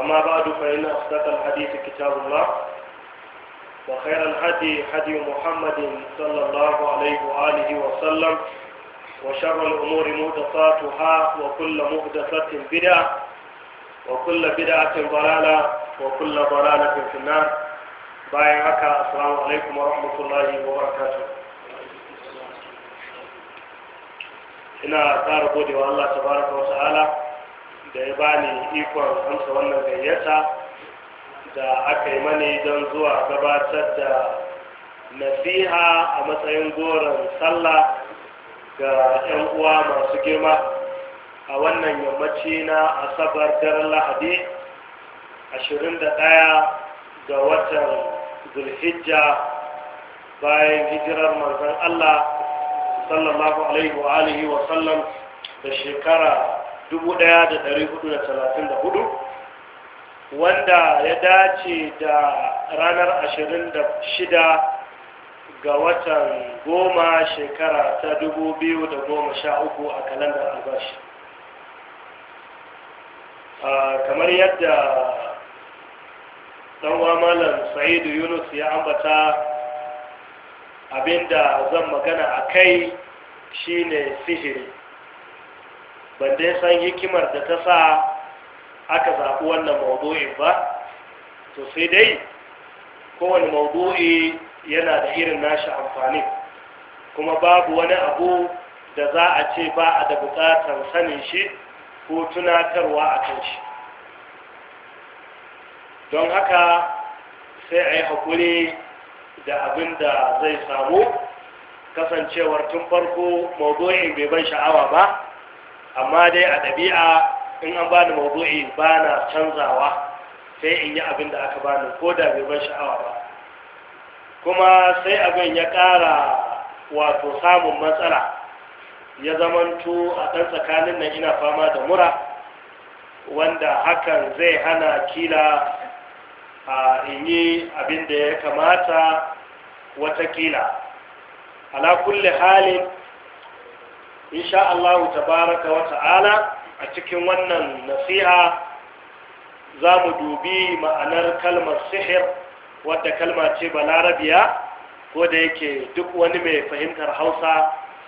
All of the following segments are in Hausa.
أما بعد فإن أصدق الحديث كتاب الله وخير الهدي هدي محمد صلى الله عليه وآله وسلم وشر الأمور مهدثاتها وكل مهدثة بدعة وكل بدعة ضلالة وكل ضلالة في النار بايعك هكا السلام عليكم ورحمة الله وبركاته ina ƙara gode wa Allah tabaraka wa ta'ala da ya bani ikon amsa wannan gayyata da aka yi mani don zuwa gabatar da nasiha a matsayin goron sallah ga 'yan uwa masu girma a wannan yammaci na asabar daren lahadi 21 ga watan zulhijja bayan hijirar manzan allah sallallahu alaihi wa alihi wa sallam da shekara 1434 wanda ya dace da ranar 26 ga watan goma shekara ta 2013 a kalandar albashi kamar yadda ɗan malam sa'idu yunus ya ambata abinda zan magana a kai shine sihiri ban dai san hikimar da ta sa aka zaɓi wannan maudu'in ba to sai dai kowane maudu'i yana da irin nashi amfani kuma babu wani abu da za a ce ba a da buƙatar sanin shi ko tunatarwa a kan shi don haka sai a yi haƙuri da abin da zai samu kasancewar tun farko maudu'in bai ban sha'awa ba amma dai a ɗabi'a in an ba bani mawdu'i ba na canzawa sai in yi abin da aka ba ni ko da bai ban sha'awa ba kuma sai abin ya ƙara wato samun matsala ya zamantu a ɗan tsakanin nan ina fama da mura wanda hakan zai hana kila a yi abin da ya kamata watakila ala kulle halin insha Allah tabaraka wa ta'ala a cikin wannan nasiha za mu dubi ma'anar kalmar sihir wadda kalma ce balarabiya ko da yake duk wani mai fahimtar hausa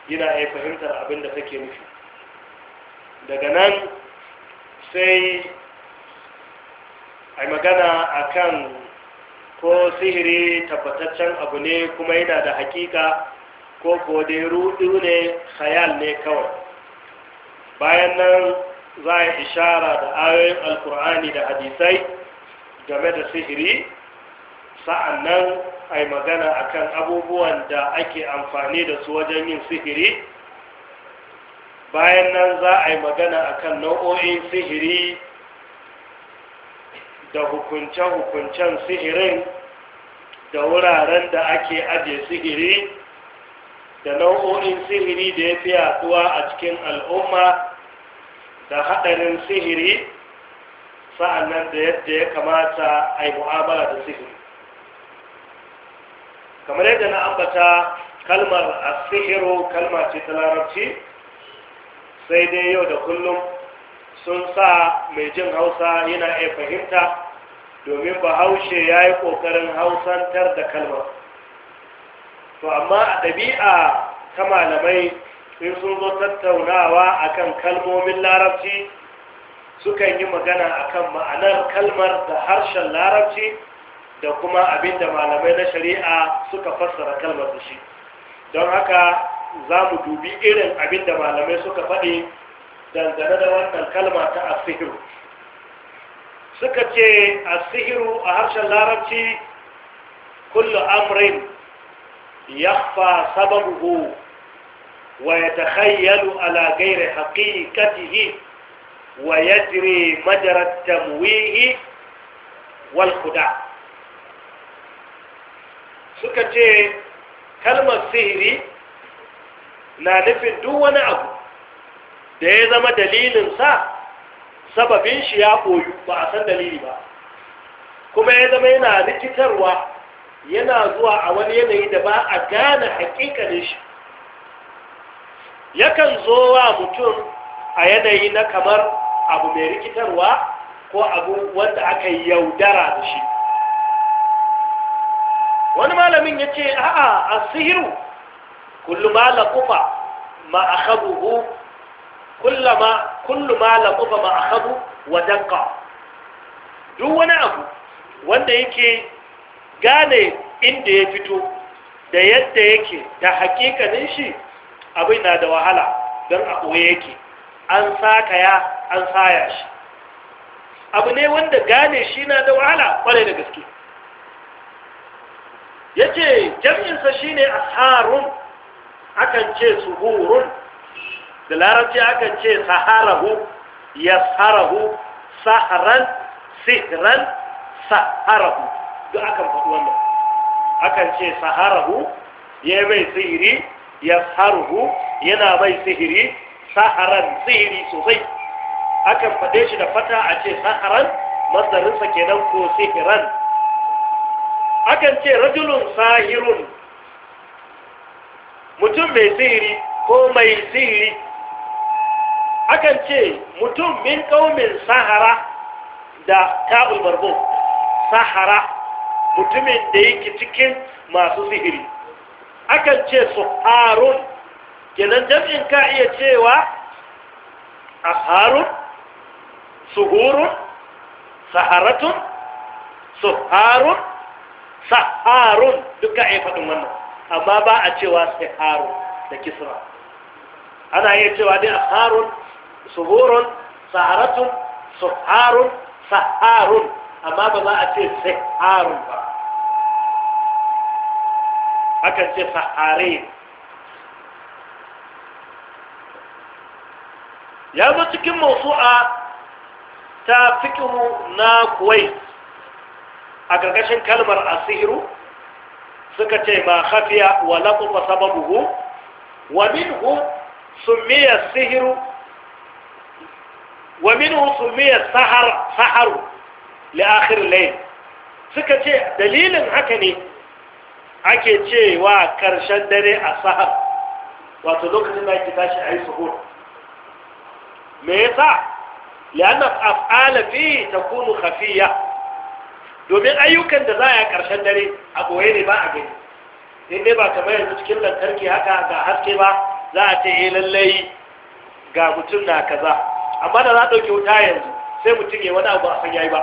yana iya fahimtar abin da take nufi daga nan sai a magana akan ko sihiri tabbataccen abu ne kuma yana da hakika ko ko ne khayal ne kawai bayan nan za a ishara da ayoyin alkur'ani da hadisai game da sihiri sa'an nan a yi magana akan abubuwan da ake amfani da su wajen yin sihiri bayan nan za a yi magana akan nau'o'in sihiri da hukunce-hukuncen sihirin da wuraren da ake ajiye sihiri da nau'o'in sihiri da ya fi yaduwa a cikin al'umma da haɗarin sihiri sa'annan da yadda ya kamata a yi mu'amala da sihiri kamar yadda na ambata kalmar a sihiro kalmar ce ta larabci sai dai yau da kullum sun sa mai jin hausa yana iya fahimta domin bahaushe ya yi ƙoƙarin hausantar da kalmar to amma a ɗabi'a ta malamai in sun zo tattaunawa akan kalmomin larabci sukan yi magana akan ma'anar kalmar da harshen larabci da kuma abin da malamai na shari'a suka fassara kalmar da shi don haka za mu dubi irin abin da malamai suka faɗi dangane da wannan kalma ta asihiru suka ce asihiru a harshen larabci kullu amrin يخفى سببه ويتخيل على غير حقيقته ويجري مجرى التمويه والخداع سكتي كلمة سهري لا نفن دو ونعب دي زم دليل سا سببين شياء يبقى سن دليل با كما إذا ما ينالك تروى yana zuwa a wani yanayi da ba a gane hakikanin shi yakan zo wa mutum a yanayi na kamar abu mai rikitarwa ko abu wanda aka yaudara da shi wani malamin ya ce a'a a sihiru kullu ma laqufa ma akhaduhu kullama ma wa duk wani abu wanda yake gane inda ya fito da yadda yake da hakikanin shi abin na da wahala don a ɓoye yake an ya, an saya shi abu ne wanda gane shi na da wahala kwarai da gaske ya ce jam'insa shi ne a asharun akan ce suhurun da larabci akan ce saharahu ya saharahu saharan sihiran saharahu duk akan faɗi wannan akan ce saharahu ya mai sihiri ya saharuhu yana mai sihiri saharan sihiri sosai akan faɗe shi da fata a ce saharan mazarinsa kenan ko sihiran akan ce rajulun sahirun mutum mai sihiri ko mai sihiri akan ce mutum min kaumin sahara da ta'ul barbu sahara mutumin da yake cikin masu sihiri akan ce suharun kenan jam'in ka iya cewa aharun suhurun saharatun suharun saharun duka a yi faɗin wannan amma ba a cewa harun da kisra ana iya cewa dai aharun suhurun saharatun suharun saharun amma ba za a ce harun ba akan ce fa'are ya zo cikin mawsu'a ta fikihu na kuwai a ƙarƙashin kalmar asiru suka ce ma khafiya wa laƙufa sababuhu wa minhu summiya sihiru wa minhu summiya saharu li akhir layl suka ce dalilin haka ne ake cewa karshen dare a sahar wato lokacin da ake tashi a yi suhur me yasa lianna af'ala fi takunu khafiya domin ayyukan da za a yi karshen dare a boye ne ba a gani in dai ba kamar yanzu cikin lantarki haka ga haske ba za a ce eh lallai ga mutum na kaza amma da za a ɗauke wuta yanzu sai mutum ya wani abu a san yayi ba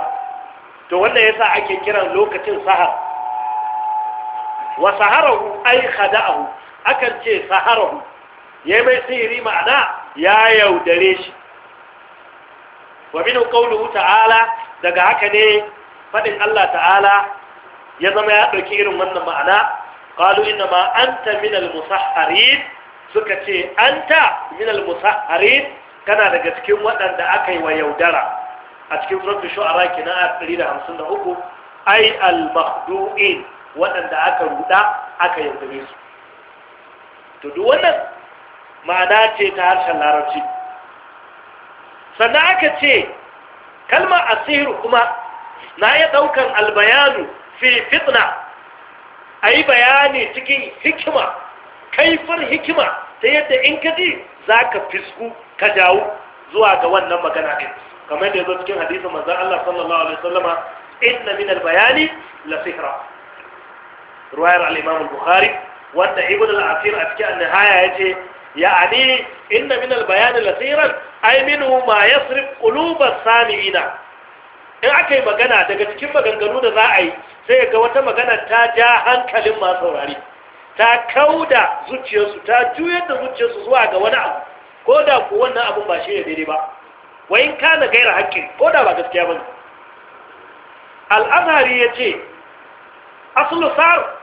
to wannan yasa ake kiran lokacin sahar wa saharahu ai khada'ahu akan ce saharahu ya mai sihiri ma'ana ya yaudare shi wa min qawluhu ta'ala daga haka ne fadin Allah ta'ala ya zama ya dauki irin wannan ma'ana qalu inna ma anta min al-musahharin suka ce anta min al-musahharin kana daga cikin waɗanda aka yi wa yaudara a cikin suratul shu'ara kina 153 ai al waɗanda aka ruɗa aka yaudare su to duk wannan ma'ana ce ta harshen larabci sannan aka ce kalma asir kuma na ya ɗaukan albayanu fi fitna a yi bayani cikin hikima kaifar hikima ta yadda in kaji za ka fisku ka jawo zuwa ga wannan magana ɗin kamar da ya zo cikin hadisin manzan Allah sallallahu alaihi wasallama inna min albayani la sihra ruwayar al bukhari wanda ibn al-asir a cikin annihaya ya ya'ani inna min al-bayan al-asiran ay minhu ma yasrif qulub as-sami'ina in aka yi magana daga cikin maganganu da za a yi sai ga wata magana ta ja hankalin masu saurari ta kauda zuciyarsu ta juyar da zuciyarsu zuwa ga wani abu ko da ku wannan abun ba shi ne daidai ba wa in kana gaira hakki ko da ba gaskiya ba ne al'azhari ya ce asulu sar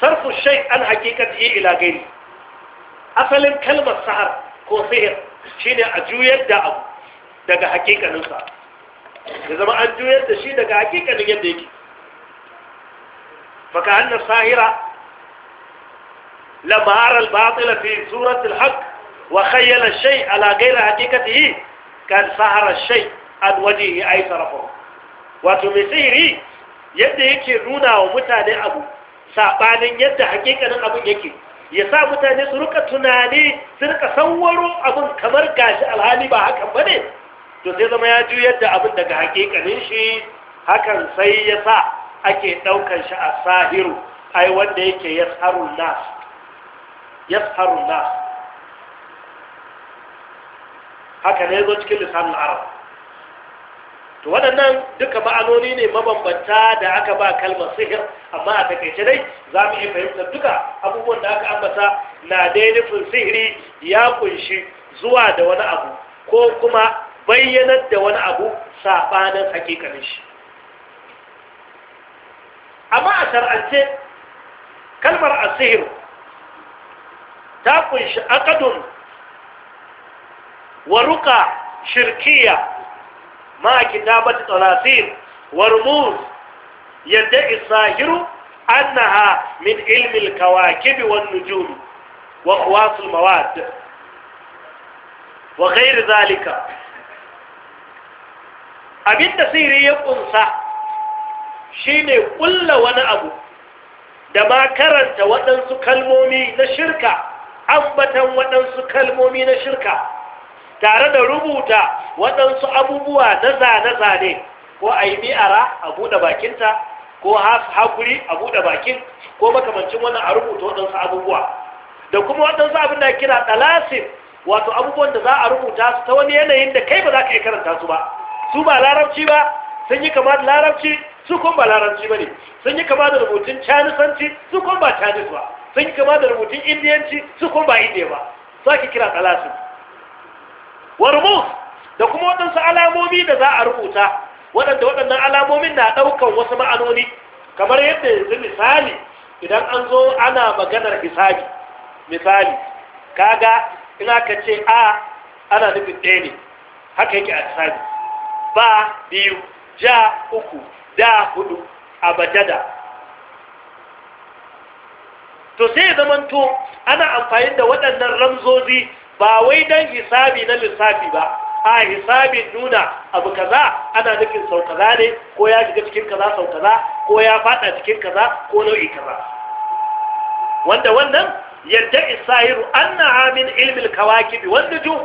صرف الشيء عن حقيقته إلى غيره أفل كلمة سحر هو سحر شين أجوية دعو دقى حقيقة نصح إذا ما أجوية دشي دقى حقيقة نجد ديكي فكأن الساهرة لما أرى الباطل في سورة الحق وخيل الشيء على غير حقيقته كان سحر الشيء عن وجهه أي صرفه وتمسيري يدهيك رونا ومتاني أبو saɓanin yadda hakikanin abin yake ya sa mutane su rika tunani su rika sanwaro abin kamar gashi alhali ba hakan ba ne to sai zama ya juyar da abin daga hakikanin shi hakan sai ya sa ake ɗaukar shi a sahiru ai wanda yake yasharun nas yasharun nas haka ne zo cikin lisanin arab to waɗannan duka ma'anoni ne mabambanta da aka ba kalmar sihir amma a takaice dai za mu iya fahimtar duka abubuwan da aka ambata na dai nufin sihiri ya kunshi zuwa da wani abu ko kuma bayyanar da wani abu saɓanin hakikanin shi amma a shar'ance kalmar asihir ta kunshi akadun waruka shirkiya ما كتابة تلاثير ورموز يدعي الصاهر أنها من علم الكواكب والنجوم وخواص المواد وغير ذلك أبن تسيري يقنص شين قل وانا أبو دما كرنت وانا سكالمومي نشركة أبتا وانا سكالمومي نشركة تارد ربوتا waɗansu abubuwa na zane-zane ko a yi mi'ara a buɗe bakinta ko haƙuri a buɗe bakin ko makamancin wannan a rubuta waɗansu abubuwa da kuma waɗansu abin da kira ɗalasin wato abubuwan da za a rubuta su ta wani yanayin da kai ba za ka iya karanta su ba su ba larabci ba sun yi kama da larabci su kun ba larabci ba ne sun yi kama da rubutun canisanci su kun ba canis ba sun yi kama da rubutun indiyanci su kun ba indiya ba za ki kira ɗalasin warmus da kuma waɗansu alamomi da za a rubuta waɗanda waɗannan alamomin na ɗaukan wasu ma'anoni kamar yadda yanzu misali idan an zo ana maganar hisabi misali kaga ina ka ce a ana nufin ɗaya ne haka yake a hisabi ba biyu ja uku da hudu a bajada to sai ya zamanto ana amfani da waɗannan ramzozi ba wai don hisabi na lissafi ba a hisabin nuna abu kaza ana nufin sau kaza ne ko ya shiga cikin kaza sau kaza ko ya fada cikin kaza ko nau'i kaza wanda wannan yadda isahiru anna amin ilmil kawakibi wanda ju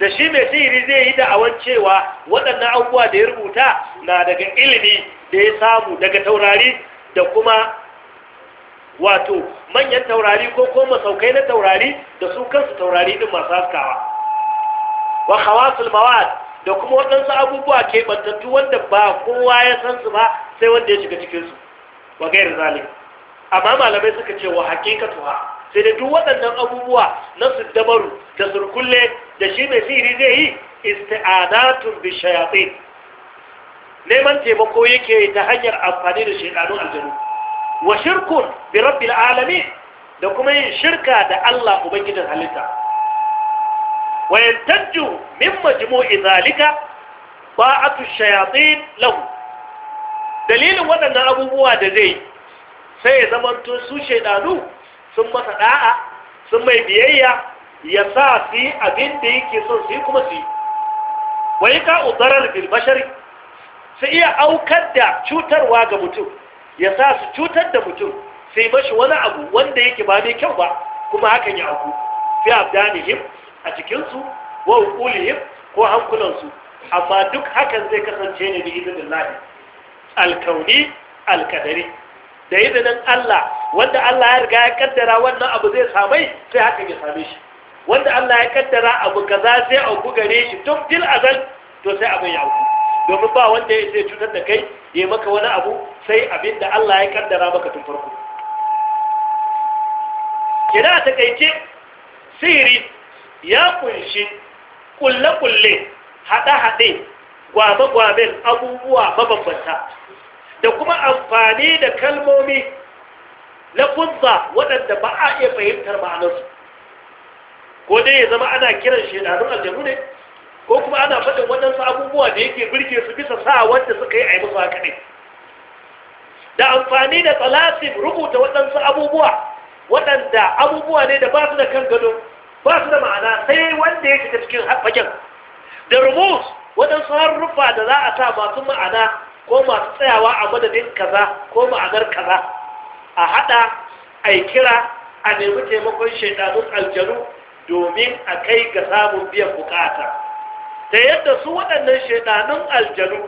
da shi mai sihiri zai yi da'awar cewa waɗannan abubuwa da ya rubuta na daga ilimi da ya samu daga taurari da kuma wato manyan taurari ko kuma saukai na taurari da su kansu taurari din masu haskawa wa khawasul mawad da kuma waɗansu abubuwa ke bantattu wanda ba kowa ya san su ba sai wanda ya shiga cikin su wa gairu zalim amma malamai suka ce wa haqiqatuha sai da duk waɗannan abubuwa na su dabaru da surkulle da shi mai sihiri zai yi isti'adatun bi shayatin neman taimako yake ta hanyar amfani da shaidanun aljanu wa shirkun bi rabbil alamin da kuma yin shirka da Allah ubangijin halitta وينتج من مجموع ذلك طاعة الشياطين له دليل وانا أبو مواد زي sai zaman tun su shaidanu sun masa da'a sun mai biyayya ya sa su yi abin da yake son su yi kuma su yi wai ka udarar bilbashari su iya aukar da cutarwa ga mutum ya sa su cutar da mutum sai mashi wani abu wanda yake ba mai kyau ba kuma hakan ya auku fi abdanihim a jikinsu wa uqulihim ko hankulansu amma duk hakan zai kasance ne da izinin Allah alkauni alkadari da izinin Allah wanda Allah ya riga ya kaddara wannan abu zai samai sai hakan ya same shi wanda Allah ya kaddara abu za sai auku gare shi tun dil azal to sai abin ya auku domin ba wanda ya sai cutar da kai ya maka wani abu sai abin da Allah ya kaddara maka tun farko kira ta kaice sihiri ya kunshi kulle-kulle haɗe-haɗe gwabe-gwaben abubuwa mabambanta da kuma amfani da kalmomi na kunza waɗanda ba a iya fahimtar ma'anarsu ko dai ya zama ana kiran shedanun aljanu ne ko kuma ana faɗin waɗansu abubuwa da yake birke su bisa sa wanda suka yi a yi musu haka ne da amfani da tsalasin rubuta waɗansu abubuwa waɗanda abubuwa ne da ba su da kan gado ba su da ma'ana sai wanda ya shiga cikin fagen da rumus waɗansu harufa da za a sa masu ma'ana ko masu tsayawa a madadin kaza ko ma'anar kaza a haɗa a kira a nemi taimakon shaidanun aljanu domin a kai ga samun biyan bukata da yadda su waɗannan shaidanun aljanu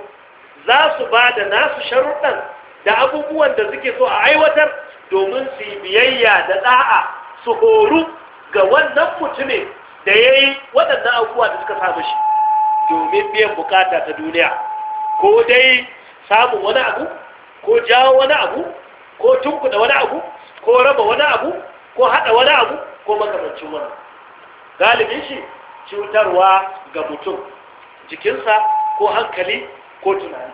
za su ba da nasu sharuɗan da abubuwan da suke so a aiwatar domin su yi biyayya da ɗa'a su horu ga wannan mutumin da ya yi waɗannan abubuwa da suka samu shi domin biyan bukata ta duniya ko dai samun wani abu ko jawo wani abu ko tunkuda wani abu ko raba wani abu ko haɗa wani abu ko makamancin wani galibin shi cutarwa ga mutum jikinsa ko hankali ko tunani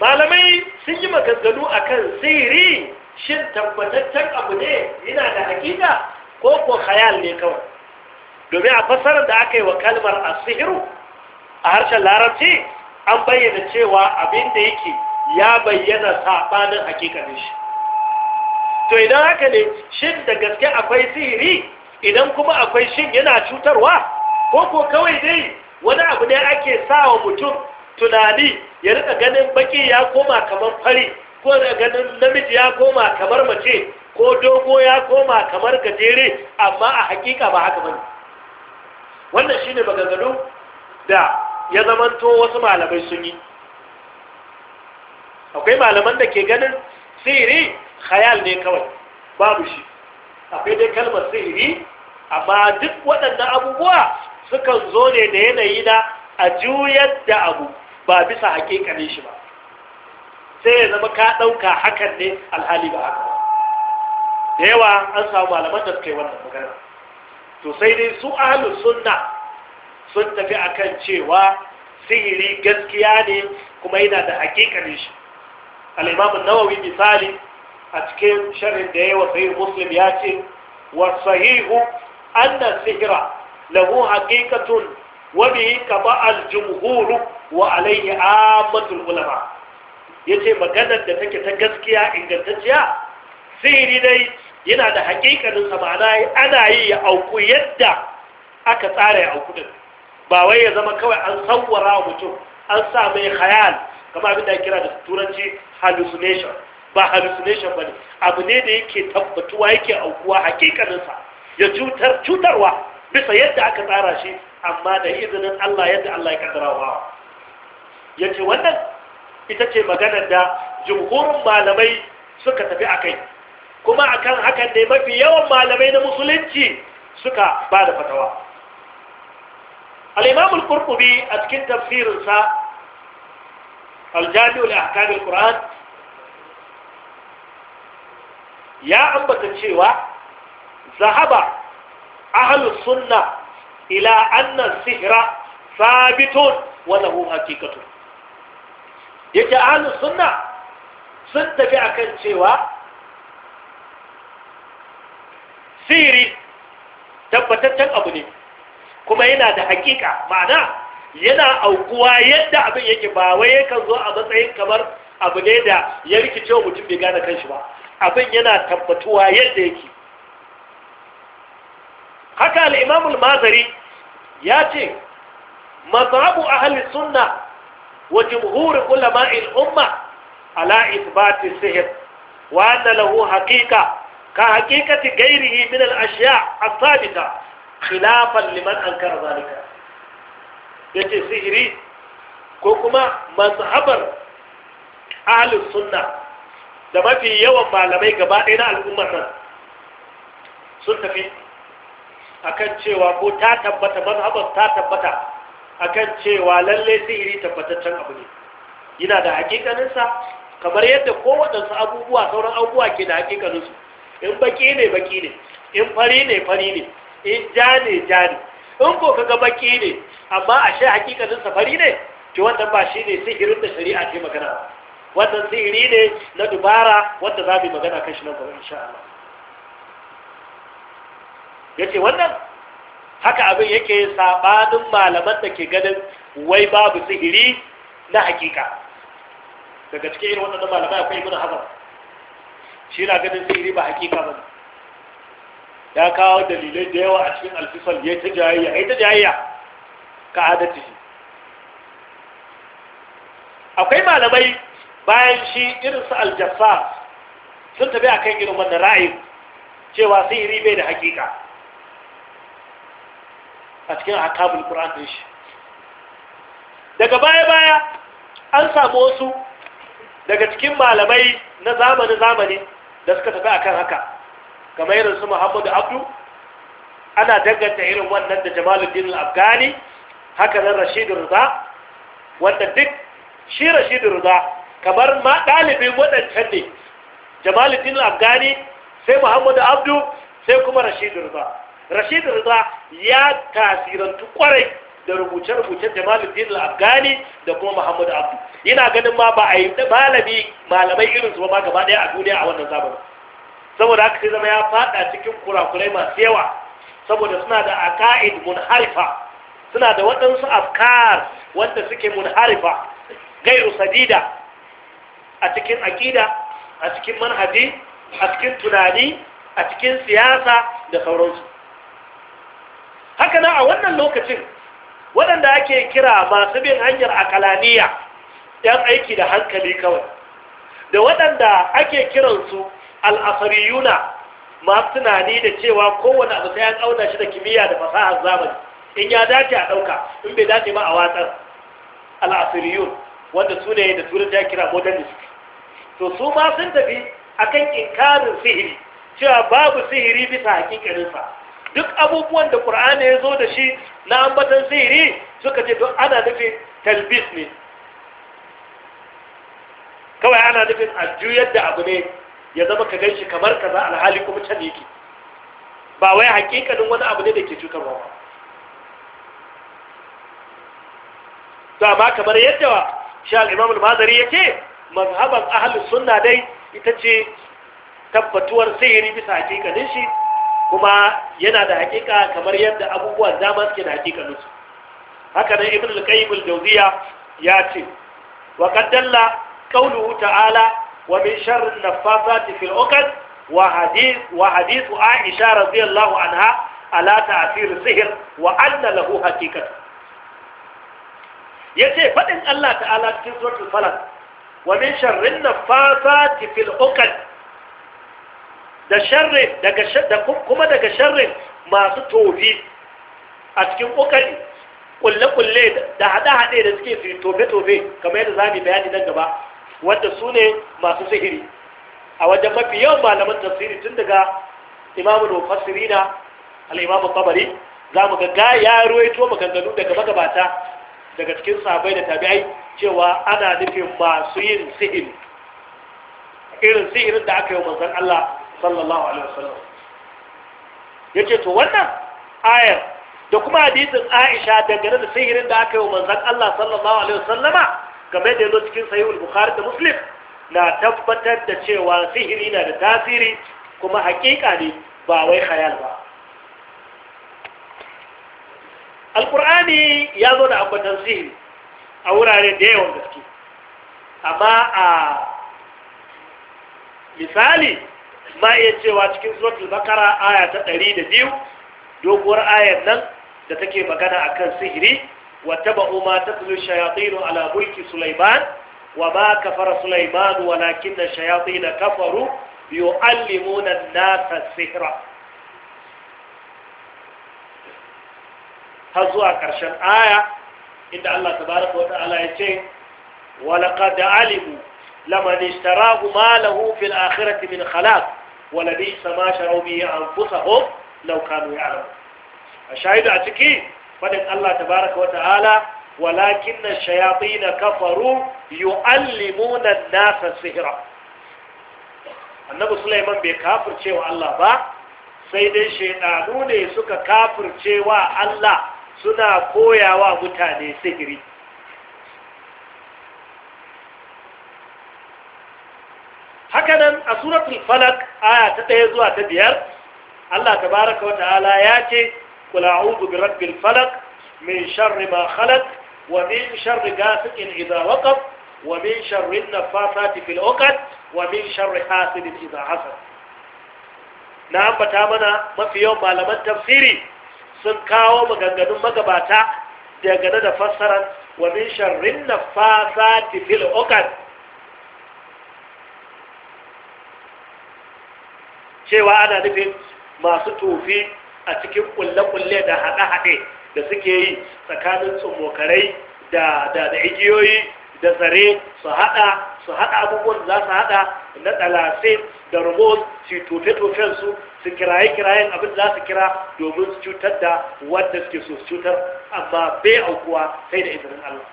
malamai sun yi maganganu akan sihiri shin tabbataccen abu ne yana da hakika ko ko khayal ne kawai domin a fassarar da aka yi wa kalmar asihiru a harshen larabci an bayyana cewa abin da yake ya bayyana saɓanin hakikanin shi to idan haka ne shin da gaske akwai sihiri idan kuma akwai shin yana cutarwa ko ko kawai dai wani abu ne ake sawa mutum tunani ya rika ganin baki ya koma kamar fari ko da ganin namiji ya koma kamar mace ko dogo ya koma kamar gajere amma a hakika ba haka bane wannan shine bagagado da ya zamanto wasu malamai sun yi akwai malaman da ke ganin sihiri khayal ne kawai babu shi akwai dai kalmar sihiri amma duk waɗannan abubuwa sukan zo ne da yanayi na a juyar da abu ba bisa hakikalin shi ba sai ya zama ka ɗauka hakan ne alhali ba haka da yawa an samu malaman da suka yi wannan magana to sai dai su ahlus sunna sun tafi akan cewa sihiri gaskiya ne kuma yana da hakikalin shi al-imam nawawi misali a cikin sharhin da yawa sahih muslim ya ce wa sahihu anna sihra lahu haqiqatun wa bihi qaba al-jumhur wa alayhi ammatul ulama ya ce maganar da take ta gaskiya ingantacciya sihiri dai yana da haƙiƙanin samana ana yi ya auku yadda aka tsara ya auku din ba wai ya zama kawai an sauwara mutum an sa mai khayal kama abin da kira da turanci hallucination ba hallucination ba ne abu ne da yake tabbatuwa yake aukuwa haƙiƙaninsa ya cutar cutarwa bisa yadda aka tsara shi amma da izinin Allah yadda Allah ya kaddara wa ya ce wannan ita ce maganar da jumhurin malamai suka tafi a kai kuma akan hakan ne mafi yawan malamai na musulunci suka ba da fatawa al'imamul kurkubi a cikin tafsirinsa aljami'ul ahkamul qur'an ya ambata cewa zahaba ahlus sunna ila anna sihra sabitun wa lahu haqiqatun yake ahlus sunna sun tafi akan cewa sihiri tabbataccen abu ne kuma yana da hakika ma'ana yana aukuwa yadda abin yake ba wai yakan zo a matsayin kamar abu ne da ya rikice wa mutum bai gane kanshi ba abin yana tabbatuwa yadda yake haka al'imamul mazari ya ce mazhabu ahli sunna wa jumhur ulama'il umma ala ithbati sihr wa anna lahu haqiqa ka haqiqati ghayrihi min al-ashya' ath-thabita khilafan liman ankara zalika yace sihiri ko kuma mazhabar ahlus sunna da mafi yawan malamai gabaɗaya na al'ummar nan sun tafi akan cewa ko ta tabbata mazhabar ta tabbata akan cewa lalle sihiri tabbataccen abu ne yana da hakikaninsa kamar yadda kowaɗansu abubuwa sauran abubuwa ke da hakikaninsu in baki ne baki ne in fari ne fari ne in ja ne ja ne in ko kaga baki ne amma a shi hakikaninsa fari ne to wannan ba shi ne sihirin da shari'a ce magana wannan sihiri ne na dubara wanda za mu magana kan shi nan gaba insha Allah yace wannan haka abin yake sabanin malaman da ke ganin wai babu sihiri na hakika daga cikin irin waɗannan malamai akwai ibn hazar shi na ganin sihiri ba hakika ba ya kawo dalilai da yawa a cikin alfisal ya ta jayayya ya ta jayayya ka shi. akwai malamai bayan shi irin su aljaffa sun a akan irin wannan ra'ayin cewa sihiri bai da hakika a cikin akabul qur'an ɗin shi daga baya baya an samu wasu daga cikin malamai na zamani zamani da suka tafi akan haka kamar irin su Muhammadu Abdu ana danganta irin wannan da Jamaluddin al-Afghani haka nan Rashid Rida wanda duk shi Rashid Rida kamar ma ɗalibin waɗancan ne Jamaluddin al-Afghani sai Muhammadu Abdu sai kuma Rashid Rida rashid rida ya tasirantu kwarai da rubuce-rubucen jamaluddin al da kuma muhammadu abdu yana ganin ma ba a yi malami malamai irin irinsu ba gaba daya a duniya a wannan zamani saboda haka sai zama ya fada cikin kurakurai masu yawa saboda suna da aka'id munharifa suna da waɗansu afkar wanda suke munharifa gairu sadida a cikin aƙida a cikin manhaji a cikin tunani a cikin siyasa da sauransu haka na a wannan lokacin waɗanda ake kira masu bin hanyar akalaniya ‘yan aiki da hankali kawai da waɗanda ake kiransu al'asariyuna masu tunani da cewa kowane abu sai ya ƙauna shi da kimiyya da fasahar zamani in ya dace a ɗauka in bai dace ba a watsar al'afariyun, wanda su ne da turin ta kira modernist to su ma sun tafi akan inkarin sihiri cewa babu sihiri bisa hakikarinsa duk abubuwan da ƙur'ani ya zo da shi na ambatan sihiri suka ce don ana nufin talbis ne kawai ana nufin a juyar da abu ne ya zama ka gan shi kamar za alhali kuma can yake ba wai hakikanin wani abu ne da ke cutarwa ba to amma kamar yadda shi al'imam mazari ya ce mazhaban ahalus sunna dai ita ce tabbatuwar sihiri bisa hakikanin shi kuma yana da hakika kamar yadda abubuwan dama suke da hakika musu haka nan ibn al-qayyim al ya ce wa qaddalla qawluhu ta'ala wa min sharri nafathati fil 'uqad wa hadith wa hadith aisha radiyallahu anha ala ta'thir sihr wa anna lahu haqiqat yace fadin Allah ta'ala cikin suratul falaq wa min sharri nafathati fil 'uqad da sharrin kuma daga sharrin masu tofi a cikin ƙoƙari ƙulle-ƙulle da haɗe-haɗe da suke su tofe-tofe kamar yadda bayani nan gaba wanda su ne masu sihiri a wajen mafi yawan malaman tafsiri tun daga imamu da fasirina al'imamu kabari za mu ga ya ruwaito maganganu daga magabata daga cikin sabai da tabi'ai cewa ana nufin masu yin sihiri irin sihirin da aka yi wa manzan Allah sallallahu alaihi wasallam yace to wannan ayar da kuma hadisin Aisha dangane da sihirin da aka yi wa manzan Allah sallallahu alaihi wasallama game da yazo cikin sahihul Bukhari da Muslim na tabbatar da cewa sihiri na da tasiri kuma hakika ne ba wai khayal ba Alƙur'ani ya zo da ambatan sihiri a wurare da yawan gaske amma a misali ma iya cewa cikin suratul bakara aya ta ɗari da biyu doguwar ayar nan da take magana akan sihiri wa taba'u ma tatlu shayatin ala mulki sulaiman wa ma kafara sulaiman walakinna shayatin kafaru yu'allimuna an-nasa sihra har zuwa ƙarshen aya inda Allah tabaraka wa ta'ala ya ce wa laqad alimu laman ishtarahu ma lahu fil akhirati min khalaq walabi sama sharobi ya amfusa ho laukanu ya a shahidu a ciki faɗin allah ta baraka wata'ala walakin na shayaɓi na kafaru yi alimunan nasa sihira annabi suleiman bai kafirce wa allah ba sai dai shaidanu ne suka kafirce wa allah suna koyawa mutane sihiri haka nan a suratul falak aya ta ɗaya zuwa ta biyar Allah tabaraka wa ta'ala ya ce kul bi rabbil falak min sharri ma khalaq wa min sharri ghasiqin idha waqab wa min sharri an fil 'uqad wa min sharri hasidin idha hasad na ambata mana mafi yawan malaman tafsiri sun kawo maganganun magabata dangane da fassara wa min sharri an fil 'uqad cewa ana nufin masu tofi a cikin kulle-kulle da haɗe-haɗe da suke yi tsakanin tsumokarai da da igiyoyi da zare su haɗa su haɗa abubuwan za su haɗa na ɗalase da remote su tofe-tofen su su kiraye-kirayen abin za su kira domin su cutar da wanda suke su cutar amma bai aukuwa sai da izinin Allah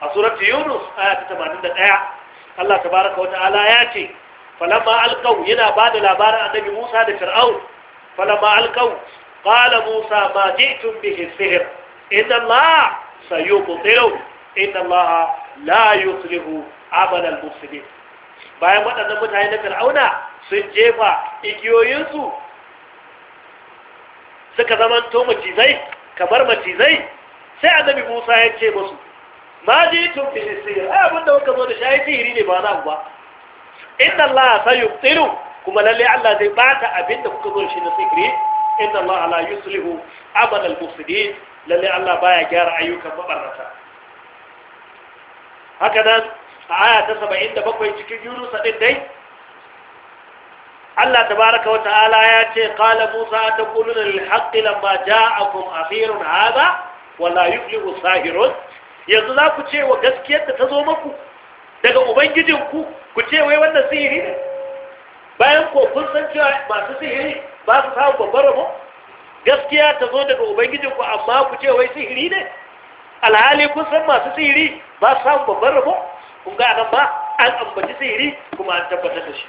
a surat yunus aya 81 Allah tabaraka wata ala ya ce falamma alqaw yana ba da labarin annabi Musa da Fir'aun falamma alqaw qala Musa ma ji'tum bihi sihr inna Allah sayubtilu inna Allah la yuslihu amal al-mufsidin bayan waɗannan mutane na Fir'auna sun jefa igiyoyinsu suka zamanto macizai kamar macizai sai annabi Musa ya ce musu ma ji'tum bihi sihr ai abinda kuka zo da shi ai sihiri ne ba za ku ba inna Allah sayubtilu kuma lalle Allah zai bata abinda kuka zo shi na sikiri inna Allah ala yuslihu amal al mufsidin lalle Allah baya gyara ayyukan mabarrata haka nan a aya ta 77 cikin Yunus din dai Allah tabaraka wa ta'ala ya ce qala Musa ataquluna lil haqqi lamma ja'akum akhirun hadha wala yuflihu sahirun yanzu za ku ce wa gaskiyar da ta zo maku daga ubangijinku ku ce wai wannan sihiri ne bayan ko kun san cewa masu sihiri ba su samu babbar rabo gaskiya ta zo daga ubangijinku amma ku ce wai sihiri ne alhali kun san masu sihiri ba su samu babbar rabo kun ga nan ba an ambaci sihiri kuma an tabbatar da shi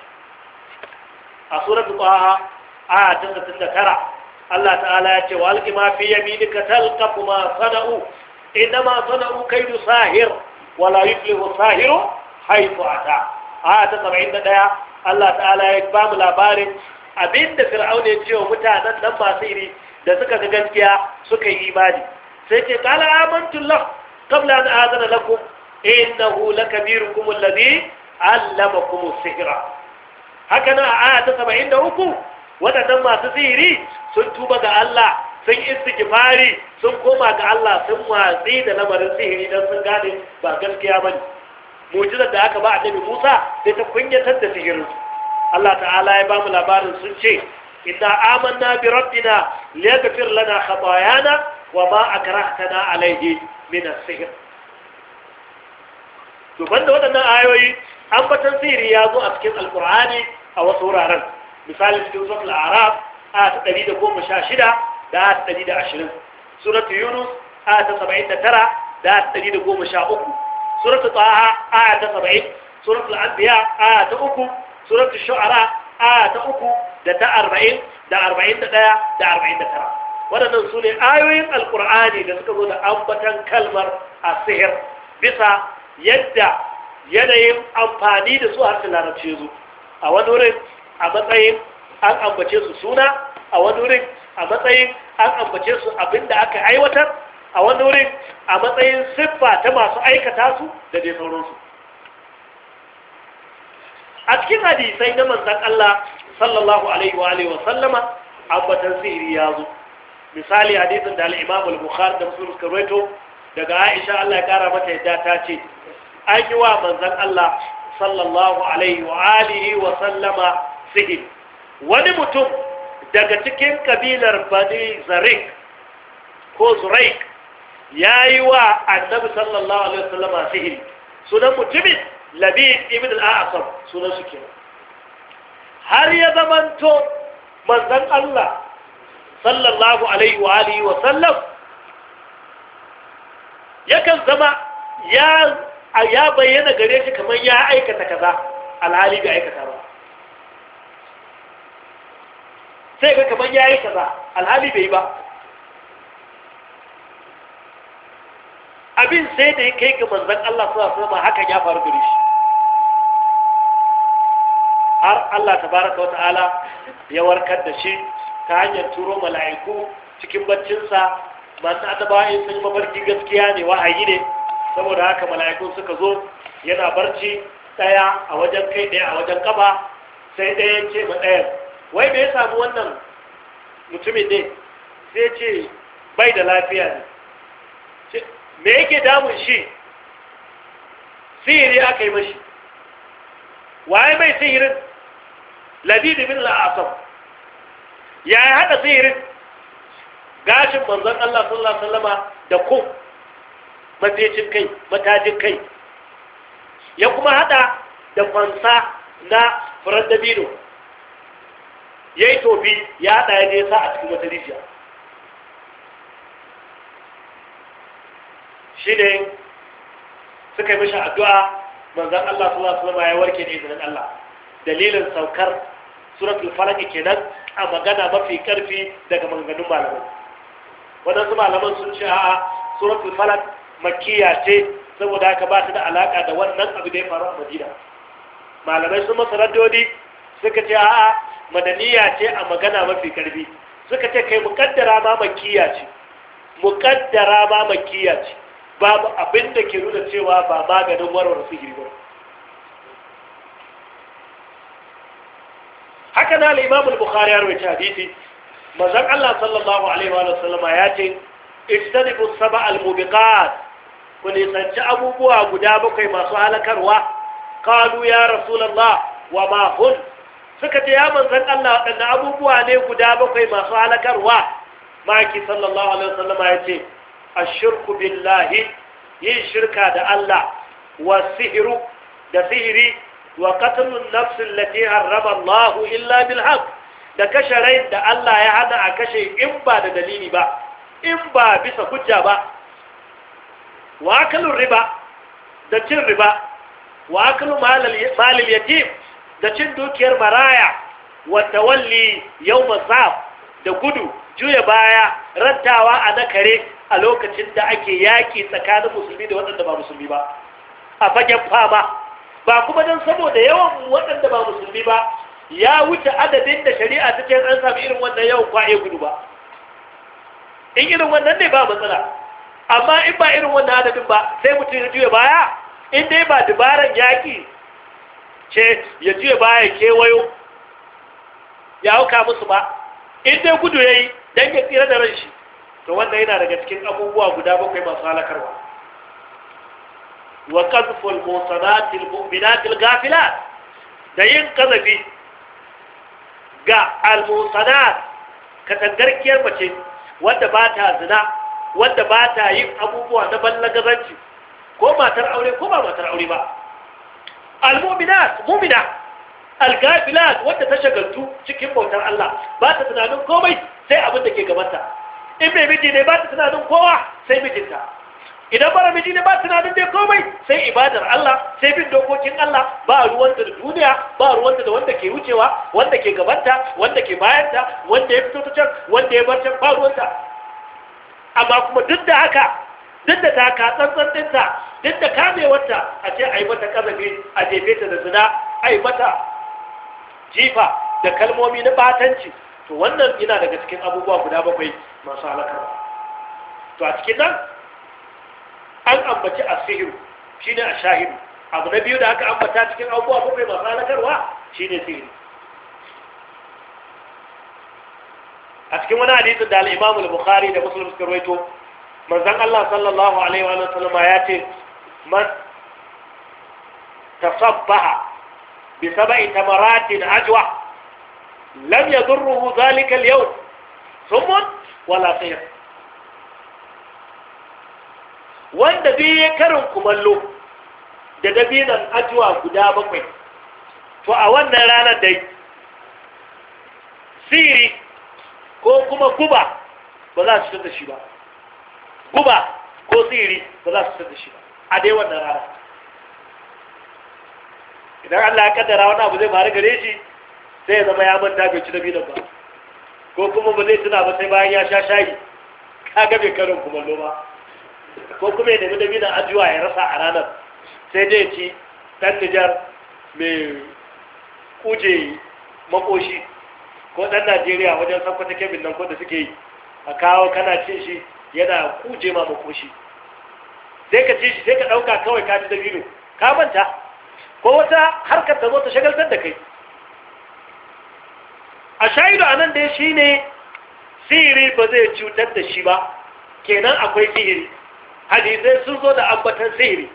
a suratu qaha aya ta 69 Allah ta'ala ya ce walqi ma fi yaminika talqafu kuma sana'u inma sana'u kai sahir wala yuflihu sahiru haitu ata aya ta ɗaya, Allah ta'ala ya ba mu labarin abinda fir'auni ya ce wa mutanen nan masu iri da suka ga gaskiya suka yi imani sai ce qala amantu lak qabla na azana lakum innahu lakabirukum alladhi allamakum as-sihra haka nan a aya ta uku, waɗannan masu sihiri sun tuba ga Allah sun istighfari sun koma ga Allah sun watsi da lamarin sihiri dan sun gane ba gaskiya bane mu'jizar da aka ba a annabi Musa sai ta kunyatar da sihirin Allah ta'ala ya ba mu labarin sun ce inna na bi rabbina liyaghfir lana khataayana wa ma a na alayhi min as-sihr to banda waɗannan ayoyi ambatan sihiri ya zo a cikin alqur'ani a wasu wuraren misali cikin suratul a'raf aya ta ɗari da goma sha shida, aya ta ashirin. suratul yunus aya ta saba'in da tara, da aya ta uku. Suratu taha aya ta 70 suratul anbiya aya 3 suratul shu'ara aya ta 3 da ta 40 da 41 da 49 su ne ayoyin Alƙur'ani da suka zo da ambatan kalmar sihir bisa yadda yanayin amfani da su harshen larabci zo a wani wurin a matsayin an ambace su suna a wani wurin a matsayin an ambace su abinda aka aiwatar a wani wurin a matsayin siffa ta masu aikata su da dai sauransu a cikin hadisai na manzan Allah sallallahu alaihi wa alaihi wa sallama ambatan sihiri ya zo misali hadisin da al'imam al bukhar da musulun daga Aisha Allah ya kara mata yadda ta ce an yi wa manzan Allah sallallahu alaihi wa alihi wa sallama sihir wani mutum daga cikin kabilar Bani Zarik ko Zuraik ya yi wa annabi sallallahu alaihi wasallama sihiri sunan mutumin labi ibn al-asam sunan su kenan har ya zamanto manzon Allah sallallahu alaihi wa alihi wa sallam yakan zama ya ya bayyana gare shi kamar ya aikata kaza alhali bai aikata ba sai ga kamar ya yi kaza alhali bai ba abin sai da ya kai ga manzan Allah sallallahu alaihi wasallam haka ya faru gare shi har Allah tabaraka wa ta'ala ya warkar da shi ta hanyar turo mala'iku cikin baccinsa masu adabawa yin sun mafarki gaskiya ne wahayi ne saboda haka mala'iku suka zo yana barci ɗaya a wajen kai ɗaya a wajen ƙafa sai ɗaya ce ma ɗayan wai me ya samu wannan mutumin ne sai ce bai da lafiya ne me yake damun shi sihiri aka yi mashi waye mai sihirin labidi bin la'asam ya yi haɗa sihirin gashin manzon Allah sallallahu Alaihi da ku mafecin kai matajin kai ya kuma haɗa da fansa na furar dabino ya yi tobi ya haɗa ya nesa a cikin wata ne suka yi mashi addu'a manzan Allah sallallahu zama ya warke da izinin Allah dalilin saukar suratul falaq kenan a magana mafi karfi daga maganganun malamai wadansu malaman sun ce a'a suratul falaq makkiya ce saboda haka ba su da alaƙa da wannan abu da ya faru a Madina malamai sun masa raddodi suka ce a'a madaniya ce a magana mafi karfi suka ce kai mukaddara ma makkiya ce mukaddara ma makkiya ce babu abin da ke nuna cewa ba maganin warware sihiri ba haka na al-imam al-bukhari ya rawaita hadisi mazan Allah sallallahu alaihi wa sallama ya ce ijtanibu sab'a al-mubiqat ku nisanci abubuwa guda bakwai masu halakarwa qalu ya rasulullah wa ma hun suka ce ya manzon Allah waɗannan abubuwa ne guda bakwai masu halakarwa maki sallallahu alaihi wa sallama ya ce ashirku billahi yin shirka da Allah wa sihiru da sihiri wa qatlun nafsin lati harrama Allah illa bil da kashe rai da Allah ya hada a kashe in ba da dalili ba in ba bisa hujja ba wa akalun riba da cin riba wa akalun malil yatim da cin dukiyar maraya wa tawalli yawm zaf da gudu juya baya rantawa a kare. a lokacin da ake yaƙi tsakanin musulmi da waɗanda ba musulmi ba a fagen fama ba kuma don saboda yawan waɗanda ba musulmi ba ya wuce adadin da shari'a ta ce an sami irin wannan yawan kwaye gudu ba in irin wannan ne ba matsala amma in ba irin wannan adadin ba sai mutum ya juya baya in dai ba dubaran yaƙi ce ya juya baya kewayo ya hauka musu ba in dai gudu ya yi don ya tsira da ran shi to wanda yana daga cikin abubuwa guda bakwai masu halakarwa wa qadful musanatil mu'minatil ghafilat da yin kazafi ga al-musanat katangarkiyar mace wanda ba ta zina wanda ba ta yin abubuwa na ballagazanci ko matar aure ko ba matar aure ba al-mu'minat mu'mina al-ghafilat wanda ta shagaltu cikin bautar Allah ba ta tunanin komai sai abin da ke gabanta in bai miji ne ba ta tunanin kowa sai mijinta idan bara miji ne ba ta tunanin dai komai sai ibadar Allah sai bin dokokin Allah ba ruwanta da duniya ba ruwanta da wanda ke wucewa wanda ke gabanta wanda ke bayanta wanda ya fito ta can wanda ya bar can ba ruwanta amma kuma duk da haka duk da taka tsantsan dinta, duk da kamewarta a ce a yi mata ƙazafi a jefe ta da zina a yi mata jifa da kalmomi na batanci to wannan yana daga cikin abubuwa guda bakwai masu halakar to a cikin nan an ambaci a sihiru shi ne a shahiru abu na biyu da aka ambata cikin abubuwa bakwai masu halakarwa ne sihiru. a cikin wani hadisin da al-Imam al-Bukhari da Muslim suka rawaito manzon Allah sallallahu alaihi wa sallama ya ce man tasabbaha bi sab'i tamaratin ajwa lam yadurruhu zalika al-yawm sumun wala khair wanda bai ya karin kumallo da dabinan ajiwa guda bakwai to a wannan ranar dai siri ko kuma guba ba za su fitar da shi ba guba ko siri ba za su da shi ba a dai wannan rana idan Allah ya kaddara wani abu zai faru gare shi sai ya zama ya manta bai ci da ba ko kuma ba zai tuna ba sai bayan ya sha shayi ka ga bai karin kumallo ba ko kuma ya nemi da biyu ya rasa a ranar sai dai ci dan Nijar mai kuje makoshi ko dan Najeriya wajen sakwata kebin nan ko da suke yi a kawo kana cin shi yana kuje ma makoshi sai ka ci shi sai ka ɗauka kawai ka ci da biyu ka manta ko wata harkar ta zo ta shagaltar da kai a sha'idu a nan dai shi ne sihiri ba zai cutar da shi ba kenan akwai sihiri hadisai sun zo da ambatan sihiri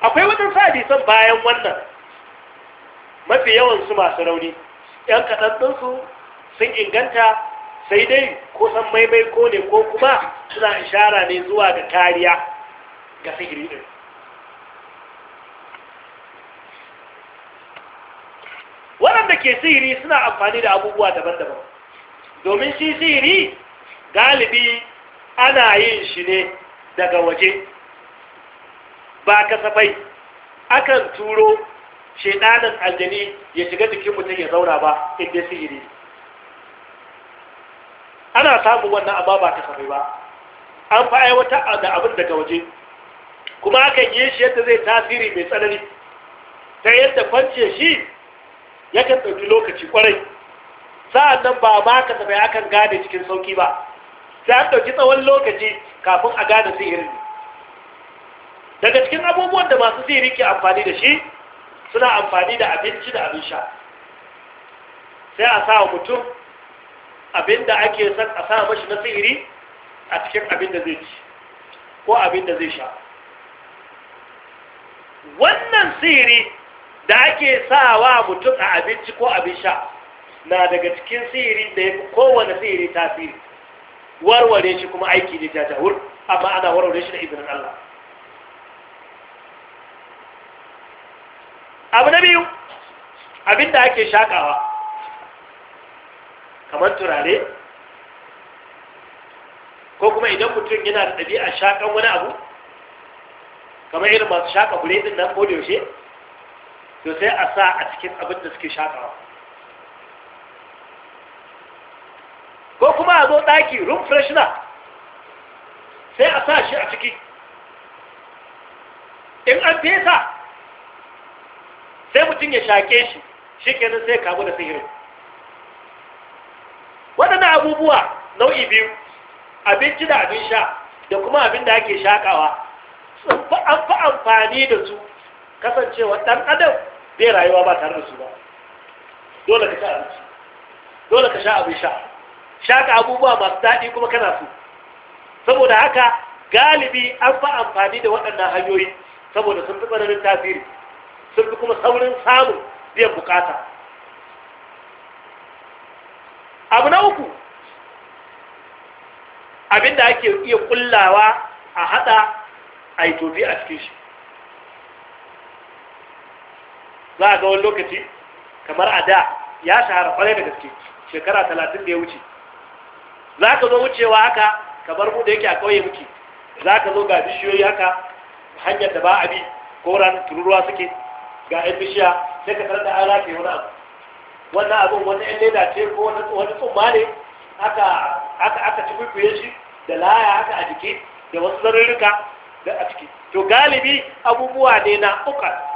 akwai waɗansu hadisan bayan wannan mafi yawan su masu rauni ‘yan kaɗanɗinsu sun inganta sai dai kusan maimai ko ne ko kuma suna ishara ne zuwa ga kariya ga sihiri ɗin waɗanda ke sihiri suna amfani da abubuwa daban-daban domin shi sihiri galibi ana yin shi ne daga waje ba kasafai akan turo shaidanin aljani ya shiga jikin mutum ya zauna ba inda sihiri ana samun wannan amma ba kasafai ba an fi wata da abin daga waje kuma aka yi shi yadda zai tasiri mai tsanani ta yadda kwance shi yakan ɗauki lokaci kwarai sa'an nan ba ma ka tafai akan gane cikin sauki ba sai an ɗauki tsawon lokaci kafin a gane sihirin daga cikin abubuwan da masu sihiri ke amfani da shi suna amfani da abinci da abin sha sai a sa mutum abin da ake san a sa mashi na sihiri a cikin abin da zai ci ko abin da zai sha wannan sihiri da ake sa wa mutum a abinci ko abin sha na daga cikin sihiri da ya fi kowane sihiri tasiri warware shi kuma aiki ne ta jahur amma ana warware shi da izinin Allah abu na biyu abin da ake shakawa kamar turare ko kuma idan mutum yana da ɗabi'a shakan wani abu kamar irin masu shaka bure din nan ko da yaushe to sai a sa a cikin abin da suke shakawa ko kuma a zo ɗaki room freshener sai a sa shi a ciki in an fesa sai mutum ya shaƙe shi shi kenan sai kamu da sihirin waɗanda abubuwa nau'i biyu abinci da abin sha da kuma abin da ake shaƙawa sun fi amfani da su kasancewa ɗan adam zai rayuwa ba tare da su ba dole ka sha abinci dole ka sha abin sha sha ka abubuwa masu daɗi kuma kana so saboda haka galibi an fi amfani da waɗannan hanyoyi saboda sun fi tsananin tasiri sun fi kuma saurin samun biyan bukata abu na uku abinda ake iya kullawa a haɗa a yi tofi a cikin shi za a ga wani lokaci kamar a da ya shahara kwarai da gaske shekara talatin da ya wuce za ka zo wucewa haka kamar mu da yake a ƙauye muke za ka zo ga bishiyoyi haka hanyar da ba a bi ko ran tururuwa suke ga yan bishiya sai ka tarar da an wani abu wannan abin wani yan leda ce ko wani tsumma ne aka ci kwaikwaye shi da laya haka a jiki da wasu zarurruka da a ciki to galibi abubuwa ne na uka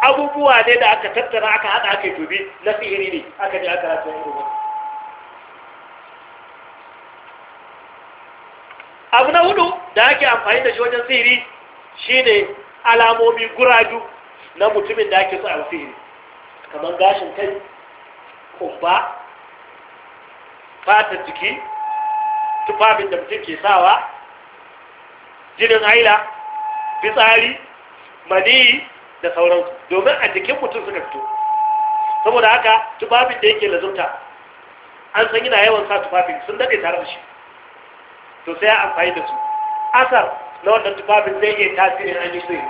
abubuwa ne da aka tattara aka haɗa aka yi tobe na sihiri ne aka ji aka rasa irin wani abu na hudu da ake amfani da shi wajen sihiri shi ne alamomi guraju na mutumin da ake so sihiri kamar gashin kai kumba fatar jiki tufafin da mutum ke sawa jinin haila fitsari maniyi da sauransu domin a jikin mutum suka fito saboda haka tufafin da yake lazumta an san yana yawan sa tufafin sun daɗe tare da shi to sai a amfani da su asar na wannan tufafin zai iya tasirin an yi sirri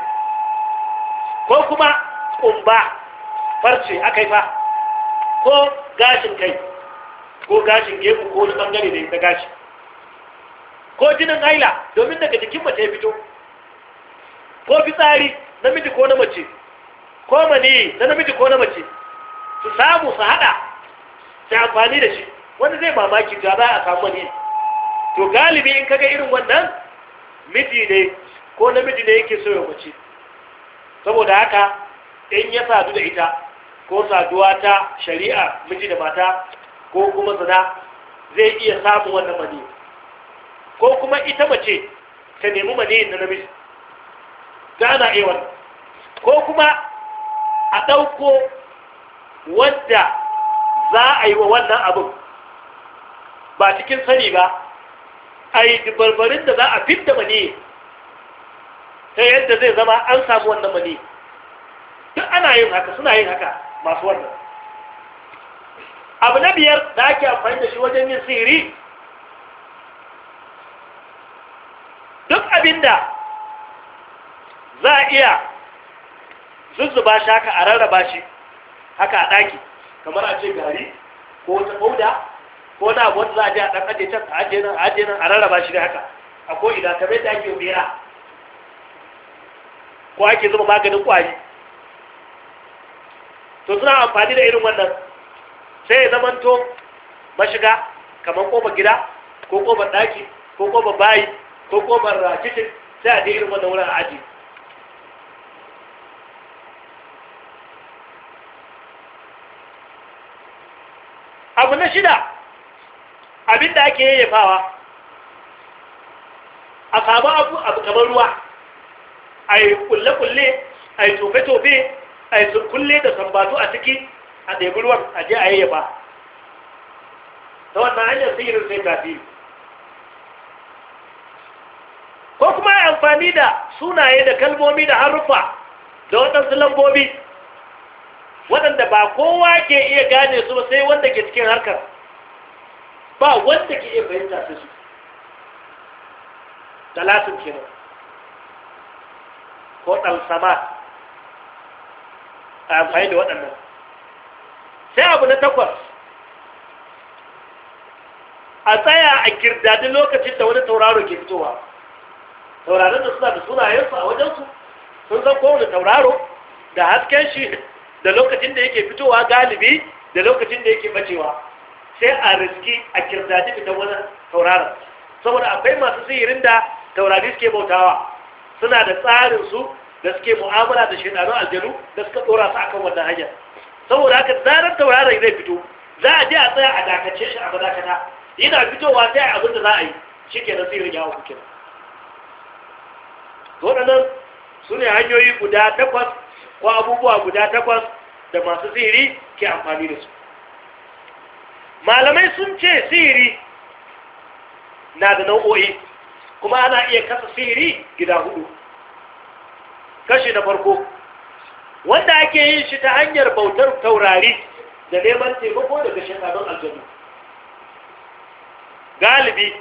ko kuma kumba farce aka yi fa ko gashin kai ko gashin gefu ko wani bangare da ya gashi ko jinin aila domin daga jikin mace ya fito ko fitsari namiji ko na mace ko mani na namiji ko na mace su samu su hada su amfani da shi wanda zai mamaki ga za a samu mani to galibi in kaga irin wannan miji ne ko namiji ne yake so ya mace saboda haka in ya sadu da ita ko saduwa ta shari'a miji da mata ko kuma zina zai iya samun wannan mani ko kuma ita mace ta nemi mani na namiji da ana iya ko kuma a ɗauko wadda za a yi wa wannan abin ba cikin sani ba a yi dubarbarin da za a fidda mani ta yadda zai zama an samu wannan mani duk ana yin haka suna yin haka masu wannan abu na biyar da ake amfani da shi wajen yin sihiri duk abinda za a iya zuzzuba shi haka a rarraba shi haka a ɗaki kamar a ce gari ko wata ƙauda ko na abu wanda za a je a ɗan ajiye can a ajiye nan a ajiye nan a rarraba shi da haka a ko ina kamar yadda ake bera ko ake zuba maganin ƙwari to suna amfani da irin wannan sai ya zamanto mashiga kamar ƙofar gida ko ƙofar ɗaki ko ƙofar bayi ko ƙofar kicin sai a je irin wannan wurin a ajiye abu na shida abinda ake yayyafawa a samu abu abu kamar ruwa a yi kulle-kulle a yi tofe-tofe a yi kulle da sambatu a ciki a daibu ruwan a je a yayyafa ta wannan hanyar sihirin sai tafi ko kuma amfani da sunaye da kalmomi da haruffa da waɗansu lambobi waɗanda ba kowa ke iya gane su ba sai wanda ke cikin harkar ba wanda ke iya fahimta su su talatin kenan ko ɗalsama a amfani da waɗannan sai abu na takwas a tsaya a girdadin lokacin da wani tauraro ke fitowa tauraron da suna da sunayensu a wajensu sun zan kowane tauraro da hasken shi da lokacin da yake fitowa galibi da lokacin da yake bacewa sai a riski a kirdadi fitan wani tauraron saboda akwai masu sihirin da taurari suke bautawa suna da tsarinsu da suke mu'amala da shekarun aljanu da suka tsora su akan wannan hanyar saboda haka zarar tauraron zai fito za a je a tsaya a dakace shi a madakata yana fitowa sai a abin da za a yi shi ke na sihirin yawon kukin. waɗannan su ne hanyoyi guda takwas ko abubuwa guda takwas da masu sihiri ke amfani da su malamai sun ce sihiri na da nau'o'i kuma ana iya kasa sihiri gida hudu kashi na farko wanda ake yin shi ta hanyar bautar taurari da neman taimako daga shekarun aljanu galibi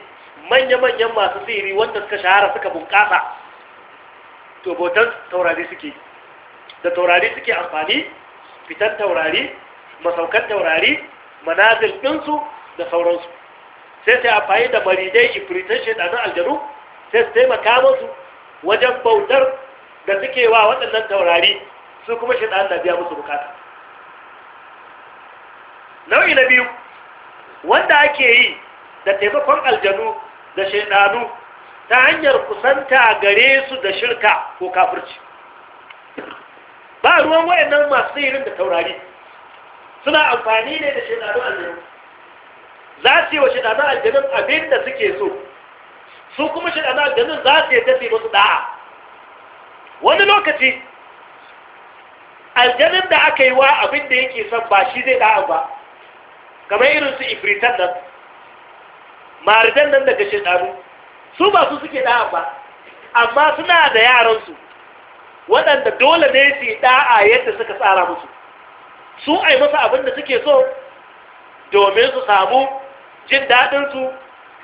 manya-manyan masu sihiri wanda suka shahara suka bunƙasa to bautar taurari suke yi da taurari suke amfani fitar taurari masaukan taurari manazir ɗinsu da sauransu sai sai amfani da maridai ifritan shaɗanin aljanu sai su taimaka musu wajen bautar da suke wa waɗannan taurari su kuma shaɗanin na biya musu bukata nau'i na biyu wanda ake yi da taimakon aljanu da shaidanu, ta hanyar kusanta gare su da shirka ko kafirci ba ruwan wayannan masu tsirin da taurari suna amfani ne da shaidanu aljanu za su yi wa shaidanu aljanun abin da suke so su kuma shaidanu aljanun za su yi tafi musu da'a wani lokaci aljanun da aka yi wa abin da yake son ba shi zai da'a ba kamar irin su ifritan nan maridan nan daga shaidanu su ba su suke da'a ba amma suna da yaransu waɗanda dole ne su yi ɗa'a yadda suka tsara musu su ai masa abin da suke so domin su samu jin daɗinsu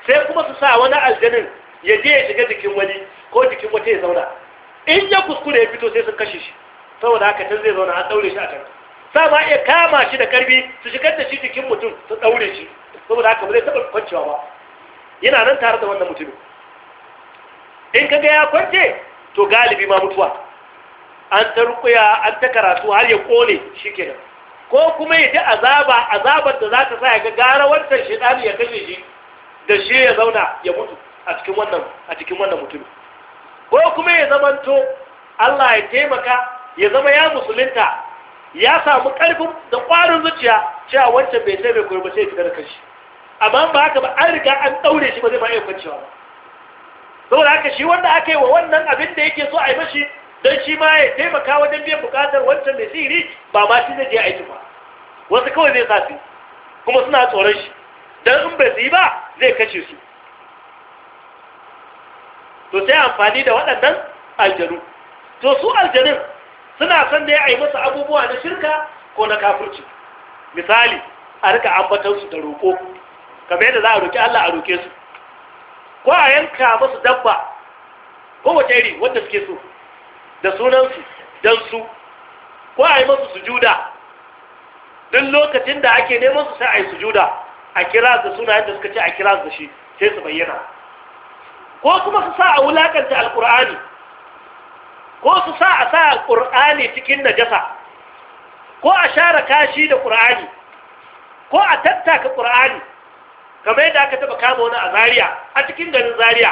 sai kuma su sa wani aljanin ya je ya shiga jikin wani ko jikin wata ya zauna in ya kuskure ya fito sai sun kashe shi saboda haka can zai zauna an ɗaure shi a can sa ma iya kama shi da karfi su shigar da shi jikin mutum su ɗaure shi saboda haka ba zai taɓa kwancewa ba yana nan tare da wannan mutumin in kaga ya kwance to galibi ma mutuwa an ta rukuya an ta karatu har ya kone shi kenan ko kuma ya ji azaba azabar da za ta sa ya ga gara wancan shaidani ya kashe shi da shi ya zauna ya mutu a cikin wannan a cikin wannan mutumin ko kuma ya zamanto Allah ya taimaka ya zama ya musulunta ya samu ƙarfin da ƙwarin zuciya cewa wancan bai sai bai koyi ba sai fitar kashi amma ba haka ba an riga an daure shi ba zai ma iya kwancewa ba saboda haka shi wanda aka yi wa wannan abin da yake so a yi mashi don shi ma ya taimaka wajen biyan bukatar wancan mai ba ma shi zai je aiki ba wasu kawai zai sa su kuma suna tsoron shi don in bai su ba zai kashe su to sai amfani da waɗannan aljanu to su aljanun suna son da ya yi masa abubuwa na shirka ko na kafurci misali a rika ambatansu da roƙo kamar yadda za a roƙi Allah a roƙe su ko a yanka masu dabba ko wata iri wanda suke so da sunansu don su ko a yi masu sujuda duk lokacin da ake neman su sai a yi sujuda a kira da sunayen da suka ce a kira da shi sai su bayyana ko kuma su sa a wulakanta alkur'ani ko su sa a sa alkur'ani cikin najasa ko a share kashi da ƙur'ani ko a tattaka ƙur'ani kamar yadda aka taɓa kama wani a zariya a cikin garin zariya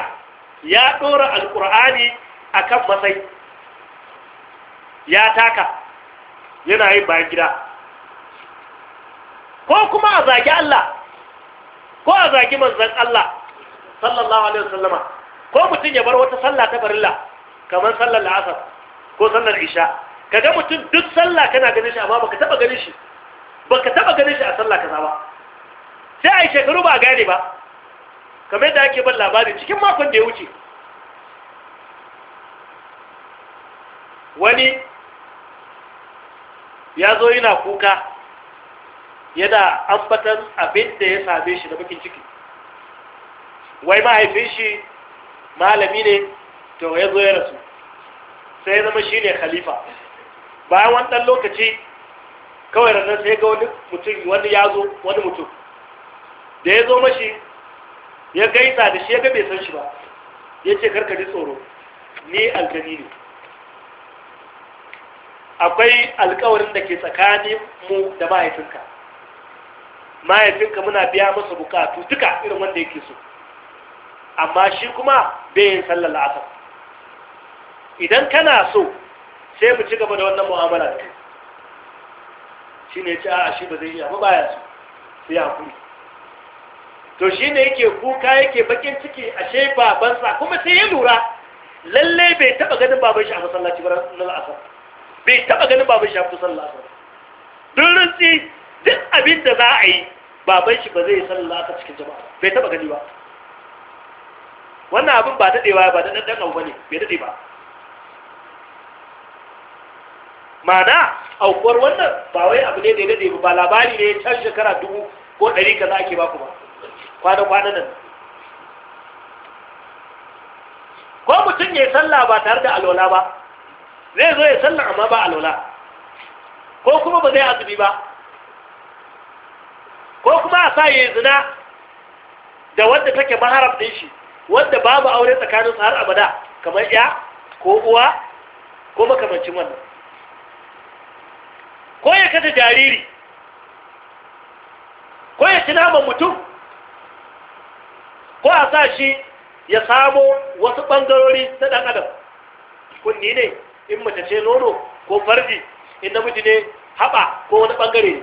ya ɗora alƙur'ani a kan matsayi ya taka yana yin bayan gida ko kuma a zagi Allah ko a zagi manzan Allah sallallahu alaihi wasallama ko mutum ya bar wata sallah ta barilla kamar sallar la'asar ko sallar isha ka ga mutum duk sallah kana ganin shi amma baka taba ganin shi baka taba ganin shi a sallah kaza ba sai a yi shekaru ba a gane ba kamar yadda ake ban labari cikin makon da ya wuce wani ya zo yana kuka yana ambatan abin da ya same shi da bakin ciki wai mahaifin shi malami ne to ya zo ya rasu sai ya zama shi ne khalifa bayan wannan lokaci kawai ranar sai ga wani mutum wani ya zo wani mutum da ya zo mashi ya gaisa da shi ya ga bai san shi ba ya ce karka tsoro ni aljani ne akwai alkawarin da ke tsakanin mu da mahaifinka mahaifinka muna biya masa bukatu duka irin wanda yake so amma shi kuma bai yin sallar la'asar idan kana so sai mu ci gaba da wannan mu'amala da shi ne ci a shi ba zai iya ba baya so sai ya kuri to shi ne yake kuka yake bakin ciki a shaifa babansa kuma sai ya lura lallai bai taba ganin baban shi a masallaci ba na la'asar bai taɓa ganin baban shi hafi sallah ba duk rinsi duk abin da za a yi baban shi ba zai sallah ta cikin jama'a bai taɓa gani ba wannan abin ba daɗewa ba da ɗanɗan ba ne bai daɗe ba mana aukuwar wannan ba wai abu ne da ya daɗe ba labari ne can shekara dubu ko ɗari kaza ake baku ba kwana-kwana nan ko mutum ya yi sallah ba tare da alola ba zai zo ya sallar amma ba alwala ko kuma ba zai azumi ba ko kuma a sa yi zina da wanda take maharam ɗin shi wadda babu aure tsakaninsu har abada kamar ya ko uwa ko makamancin wannan ko ya kasa jariri ko ya ci naman mutum ko a sa shi ya samo wasu ɓangarori na ɗan adam kunni ne in mace ce nono ko farji in namiji ne haɓa ko wani ɓangare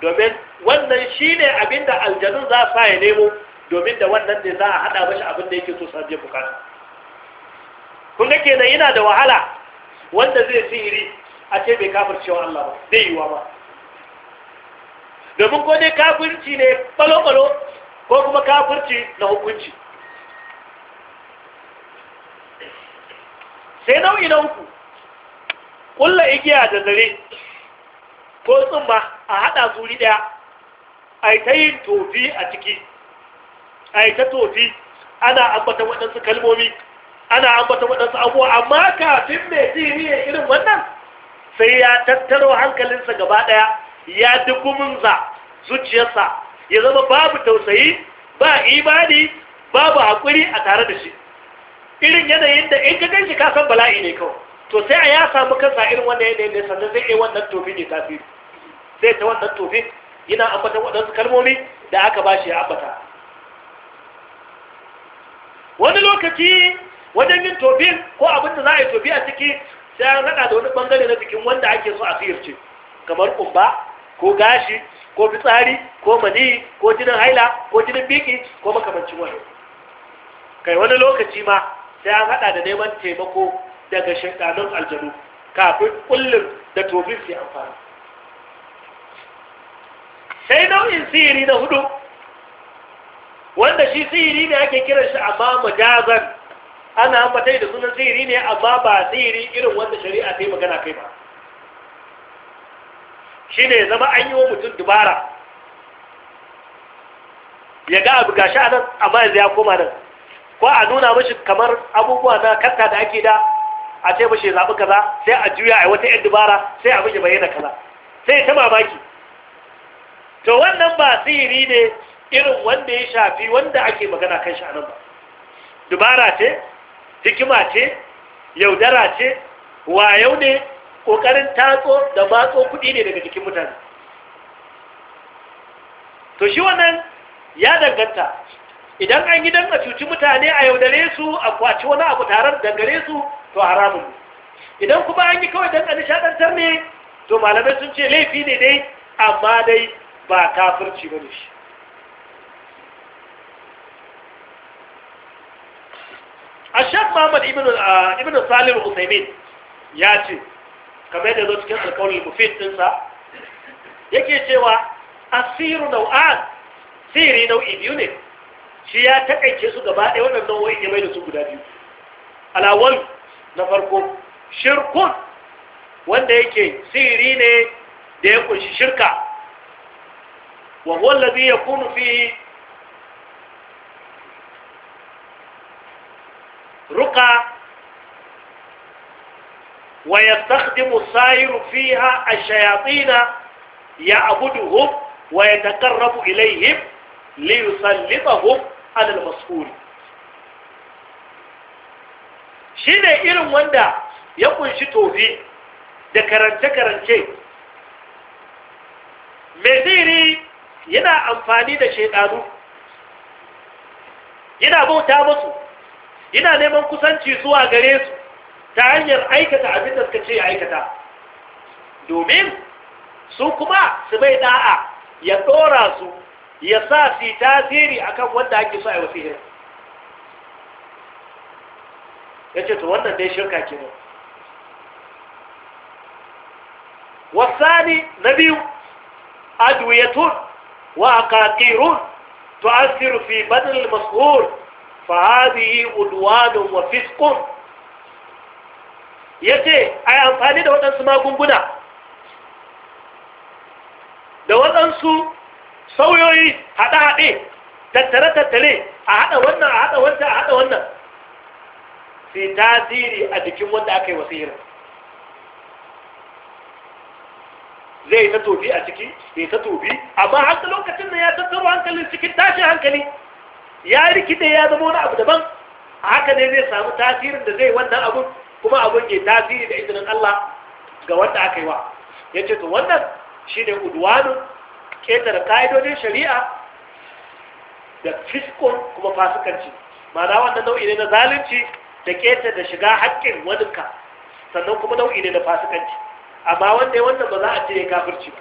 domin wannan shi ne abin da aljanun za sa ya nemo domin da wannan ne za a haɗa mashi abin da yake so sa bukata kun ga kenan yana da wahala wanda zai sihiri a ce bai cewa Allah ba zai wa ba domin ko dai kafirci ne balo-balo ko kuma kafirci na hukunci sai nau'i na uku kulla igiya da zare ko tsumma a haɗa zuri ɗaya a yi ta yin tofi a ciki a yi ta tofi ana ambata waɗansu kalmomi ana ambata waɗansu abuwa amma kafin mai siriya irin wannan sai ya tattaro hankalinsa gaba ɗaya ya dukuminsa zuciyarsa ya zama babu tausayi ba imani babu haƙuri a tare da shi irin yanayin da in ka gan kasan bala'i ne kawai to sai a ya samu kansa irin wannan yanayin ne sannan zai yi wannan tofi ya tasiri sai ta wannan tofi yana ambatan waɗansu kalmomi da aka ba shi ya ambata wani lokaci wajen yin tofi ko abin da za a yi tofi a ciki sai an haɗa da wani ɓangare na jikin wanda ake so a siyarce kamar kumba ko gashi ko fitsari ko mani, ko jinin haila ko jinin biki ko makamancin wani kai wani lokaci ma sai an haɗa da neman taimako daga shaidanin aljanu kafin kullum da tobin su amfani sai nau'in sihiri na hudu wanda shi sihiri ne ake kiran shi amma majazan ana ambatai da sunan sihiri ne amma ba sihiri irin wanda shari'a ta yi magana kai ba shi ne zama an yi wa mutum dubara ya ga abu gashi a nan amma yanzu ya koma nan ko a nuna mashi kamar abubuwa na karta da ake da a ce mashi zaɓi kaza sai a juya a wata 'yan dubara sai abin ya bayyana kaza sai ta mamaki to wannan ba sihiri ne irin wanda ya shafi wanda ake magana kan shi a nan ba dubara ce hikima ce yaudara ce wayau ne ƙoƙarin tatso da matso kuɗi ne daga jikin mutane to shi wannan ya danganta idan an yi dan a cuci mutane a yaudare su a kwaci wani abu taron da dangare su to haramun idan kuma an yi kawai dan a nishadantar ne to malamai sun ce laifi ne dai amma dai ba kafirci ba shi الشيخ محمد Ibnu ibn salim العثيمين ya ce kamar yadda zo cikin alkawarin mufid ɗinsa yake cewa asiru nau'an siri nau'i biyu ne shi ya takaice su gaba ɗaya waɗannan wa'in ya mai da su guda biyu alawal na farko shirkun wanda yake sirri ne da ya kunshi shirka wa wallazi yakunu fihi رقى ويستخدم السائر فيها الشياطين يعبدهم ويتقرب إليهم ليسلطهم alal Shi shine irin wanda ya kunshi tofi da karance-karance mai sihiri yana amfani da shaidanu yana bauta musu yana neman kusanci zuwa gare su ta hanyar aikata abin da suka ce aikata domin su kuma su bai da'a ya ɗora su ya sa fi tasiri akan wanda ake so a yi wasihira ya ce to wannan dai shirka ke kenan wasani na biyu adwiyatun wa aqaqirun tu'athiru fi badal al-mas'ul fa hadhihi udwanun wa fisqun yace ai amfani da wadansu magunguna da wadansu sauyoyi haɗe-haɗe tattare-tattare a haɗa wannan a haɗa wancan a haɗa wannan sai tasiri a jikin wanda aka yi wasu hirin zai ta tobi a ciki bai ta tobi amma haka lokacin da ya tattaro hankalin cikin tashin hankali ya rikide ya zama wani abu daban a haka ne zai samu tasirin da zai wannan abun kuma abun ke tasiri da izinin Allah ga wanda aka yi wa ya ce to wannan shi ne udwanu ƙetare ƙa'idodin shari'a da fiskon kuma fasikanci na wannan nau'i ne na zalunci da ƙetare da shiga haƙƙin waninka sannan kuma nau'i ne na fasikanci amma wanda ya wannan ba za a ce ya kafirci ba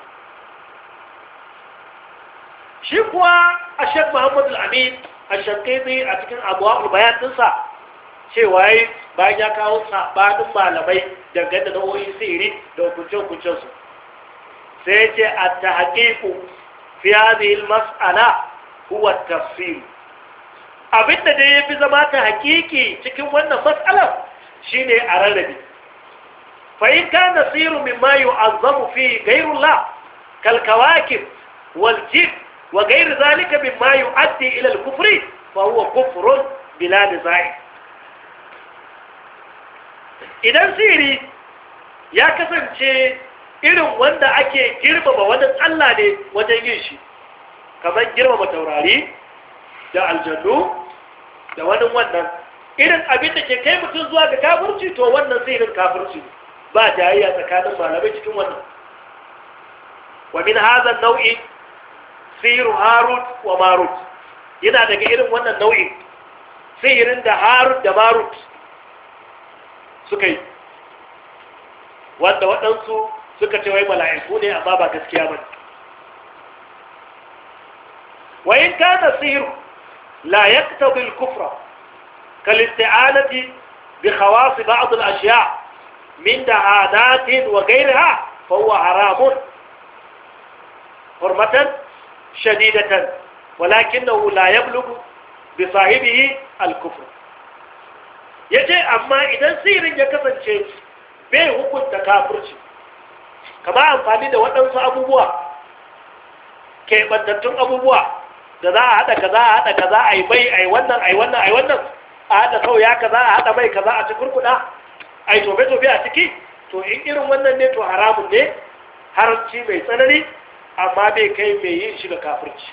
shi kuwa a shek muhammadu Amin a shakkaizi a cikin abuwa bayan ɗinsa cewa yi bayan ya kawo sabanin malamai dangane da nau'o'in sihiri da hukunce-hukuncensu فيجي التحقيق في هذه المسألة هو التفصيل أبدا دي في زمان تحقيقي تكون وانا فسألة شيني أرالبي فإن كان صير مما يعظم فيه غير الله كالكواكب والجن وغير ذلك مما يؤدي إلى الكفر فهو كفر بلا نزاع إذا سيري يا kasance irin wanda ake girmama wani Allah ne wajen yin shi kamar girmama taurari da aljannu da wani wannan irin abin da ke kai mutum zuwa ga kafirci to wannan irin kafirci ba jayayya tsakanin malamai cikin wannan wa min hadha nau'i sihir harut wa marut yana daga irin wannan nau'in sihirin da harut da marut suka yi wanda waɗansu suka ce wai mala'iku ne amma ba gaskiya ba wa in kana sihiru la yaktabi al-kufra kal isti'anati bi khawas ba'd al-ashya' min dahanat wa ghayriha fa huwa haram hurmatan shadidatan walakinahu la yablughu bi sahibihi al-kufr yaje amma idan sihirin ya kasance bai hukunta kafirci Ka ba amfani da waɗansu abubuwa keɓantattun abubuwa da za a haɗa kaza a haɗa kaza a yi mai a yi wannan a yi wannan a yi wannan a haɗa sauya za a haɗa mai kaza a ci kurkuɗa a yi tobe-tobe a ciki to in irin wannan ne to haramun ne haramci mai tsanani amma bai kai mai yin shi ga kafirci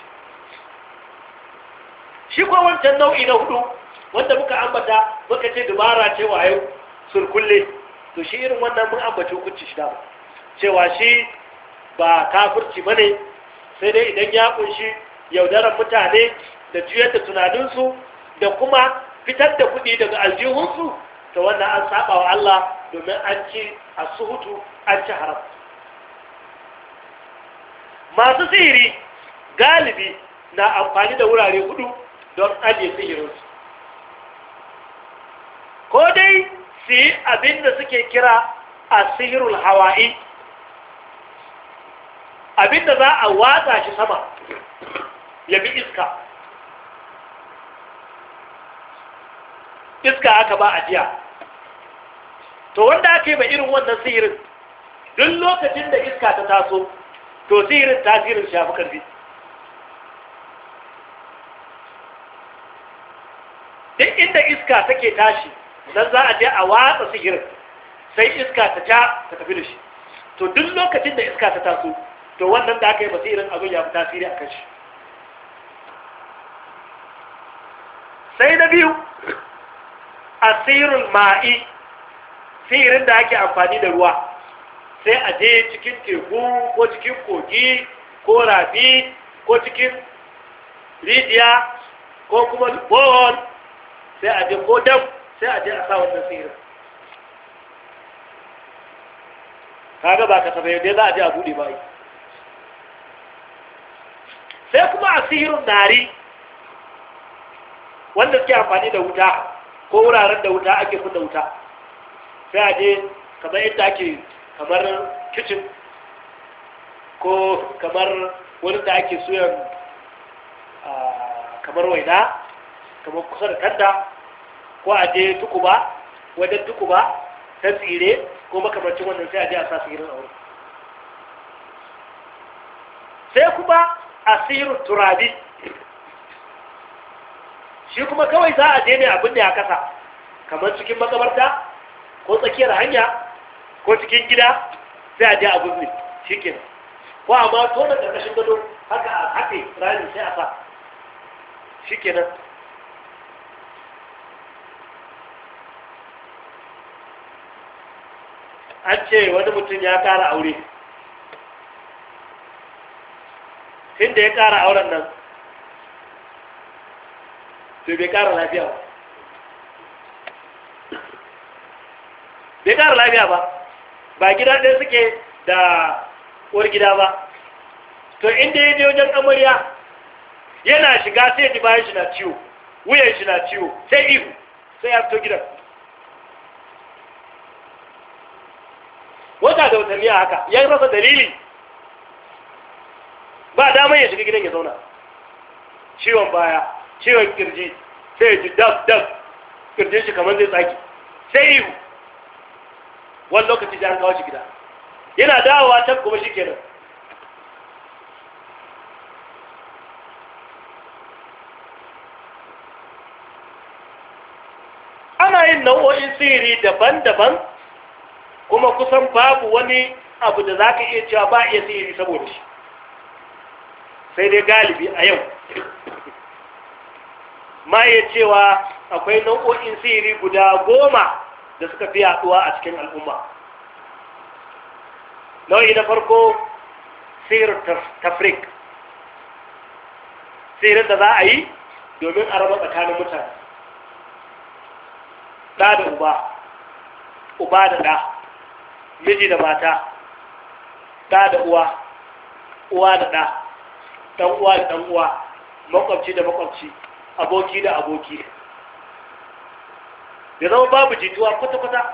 shi kuwa wancan nau'i na hudu wanda muka ambata muka ce dubara ce yau surkulle to shi irin wannan mun ambaci hukunci shi ba. cewa shi ba kafirci bane sai dai idan ya kunshi yaudarar mutane da juyar da tunaninsu da kuma fitar da kuɗi daga aljihunsu ta wannan an saba wa Allah domin an ci a suhutu an ci haram masu sihiri galibi na amfani da wurare hudu don ajiye sihirinsu ko dai su yi abin da suke kira a sihirul hawa'i abinda za a watsa shi sama ya bi iska iska aka ba a jiya to wanda aka yi ba irin wannan sihirin duk lokacin da iska ta taso to sihirin tasirin shafi karfi duk inda iska take tashi nan za a je a watsa sihirin sai iska ta ja ta tafi da shi to duk lokacin da iska ta taso to wannan da aka yi basirin abin ya fi tasiri a kashi sai na biyu asirul ma'i sihirin da ake amfani da ruwa sai a je cikin teku ko cikin kogi ko rafi ko cikin rijiya ko kuma bol sai a je ko dam sai a je a sa wannan sihirin kaga ba ka safai yadda za a je a buɗe ba sai kuma asirin nari wanda suke amfani da wuta ko wuraren da wuta ake fita wuta sai a je kamar yadda ake kamar kicin ko kamar wurin da ake suyan kamar waina kamar kusa da kanta ko a je tukuba wajen tukuba ta tsire ko makamacin wannan sai a je a sa tsirin a wurin sai kuma Asirin turabi shi kuma kawai za a je ne abin da ya kasa kamar cikin makabarta ko tsakiyar hanya ko cikin gida sai a je a gudu shi ke ko amma tona ƙarƙashin gado haka a haɗe rayu sai a sa shi ke nan an ce wani mutum ya ƙara aure tun da ya ƙara auren nan to bai ƙara lafiya ba bai ƙara lafiya ba ba gida ɗaya suke da uwar gida ba to inda ya je wajen amarya yana shiga sai ji bayan shi na ciwo wuyan shi na ciwo sai ihu sai ya fito gidan wata da watanni a haka ya rasa dalili ba damar ya shiga gidan ya zauna ciwon baya ciwon kirji sai ya ji daf daf kirjin shi kamar zai tsaki sai ihu wani lokaci da an kawo shi gida yana dawowa ta kuma shi kenan ana yin nau'o'in sirri daban-daban kuma kusan babu wani abu da za ka iya cewa ba iya sirri saboda shi sai dai galibi a yau ma ya cewa akwai nau'o'in sihiri guda goma da suka fi yaduwa a cikin al'umma nau'i na farko sihir tafrik sihirin da za a yi domin a raba tsakanin mutane ɗa da uba uba da ɗa miji da mata ɗa da uwa uwa da ɗa dan uwa da dan uwa makwabci da makwabci aboki da aboki ya zama babu jituwa kwata-kwata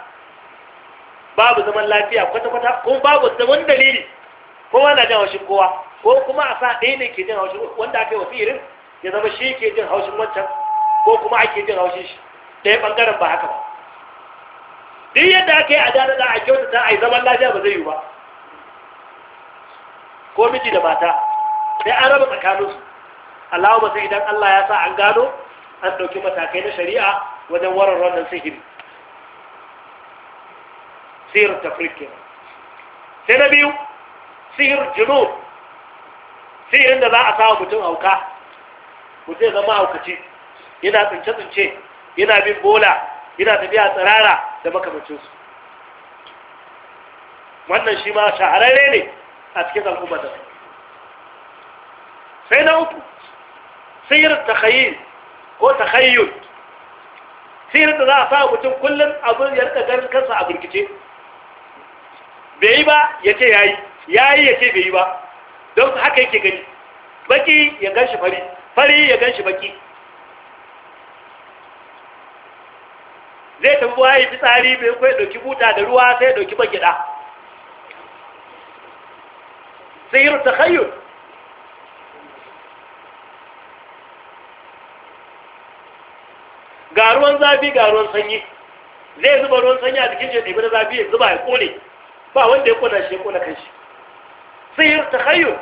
babu zaman lafiya kwata-kwata kuma babu zaman dalili ko na jan haushin kowa ko kuma a sa ɗaya ne ke jan haushin wanda aka yi wasirin ya zama shi ke jin haushin wancan ko kuma ake jin haushin shi ɗaya ɓangaren ba haka ba duk yadda aka yi a dada da a kyautata a yi zaman lafiya ba zai yi ba ko miji da mata sai an raba tsakaninsu allahu sai idan allah ya sa an gano an ɗauki matakai na shari'a wajen warar wannan sihiri sihir ta kenan sai na biyu sihir jino sihirin da za a sawa mutum hauka mutum zama haukaci yana tsince-tsince yana bin bola yana tafiya tsirara da makamancinsu wannan shi ma shahararre ne a cikin al'ummar sai na uku sihirin takhayyul ko takhayyul sihirin da za a sa mutum kullum abin ya rika ganin kansa a birkice bai yi ba ya ce ya yi ya yi ya ce bai yi ba don haka yake gani baki ya gan shi fari fari ya gan shi baki zai tafi ruwa ya fi tsari bai kwai ɗauki buta da ruwa sai ɗauki bagida sai yi rutahayyun ga ruwan zafi ga ruwan sanyi zai zuba ruwan sanyi a cikin jirgin ɗibi na zafi ya zuba ya kone ba wanda ya kona shi ya kona kanshi sihir ta hayo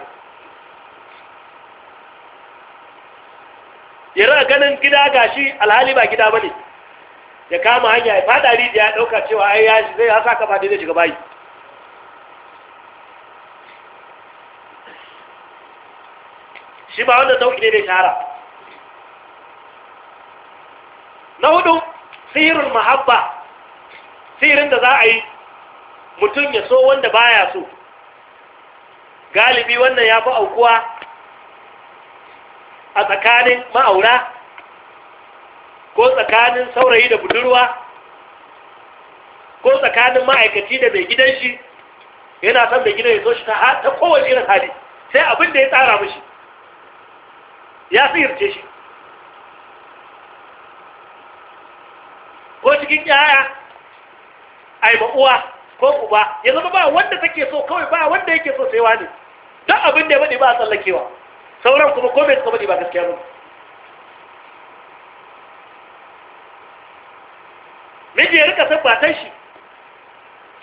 ya ra ganin gida gashi alhali ba gida ba ne ya kama hanya ya fada rijiya ya ɗauka cewa ai ya zai ya sa fadi zai shiga bayi shi ba wanda sauki ne da shahara na hudu sihirul mahabba sihirin da za a yi mutum ya so wanda baya so galibi wannan ya fi aukuwa a tsakanin ma'aura ko tsakanin saurayi da budurwa ko tsakanin ma'aikaci da mai gidan shi yana son da gidan ya so shi ta kowace irin hali sai abin da ya tsara mashi ya sirce shi cikin yaya a yi uwa ko uba ya zama ba wanda take so kawai ba wanda yake so sai wani duk abin da ya bade ba a tsallakewa sauran kuma ko bai suka bade ba gaskiya ba miji ya rika san matan shi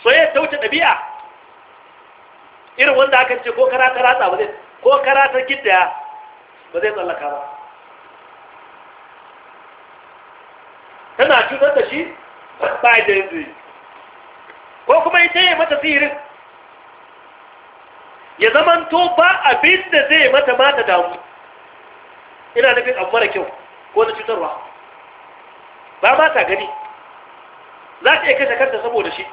soyayya ta wuce ɗabi'a irin wanda aka ce ko karata ratsa ba zai ko karata gidda ba zai tsallaka ba tana cutar da shi ba da yanzu ko kuma ita yi mata sihirin ya zamanto ba abin da zai mata mata damu ina nufin abu mara kyau ko na cutarwa ba ba ta gani za ta iya kashe kanta saboda shi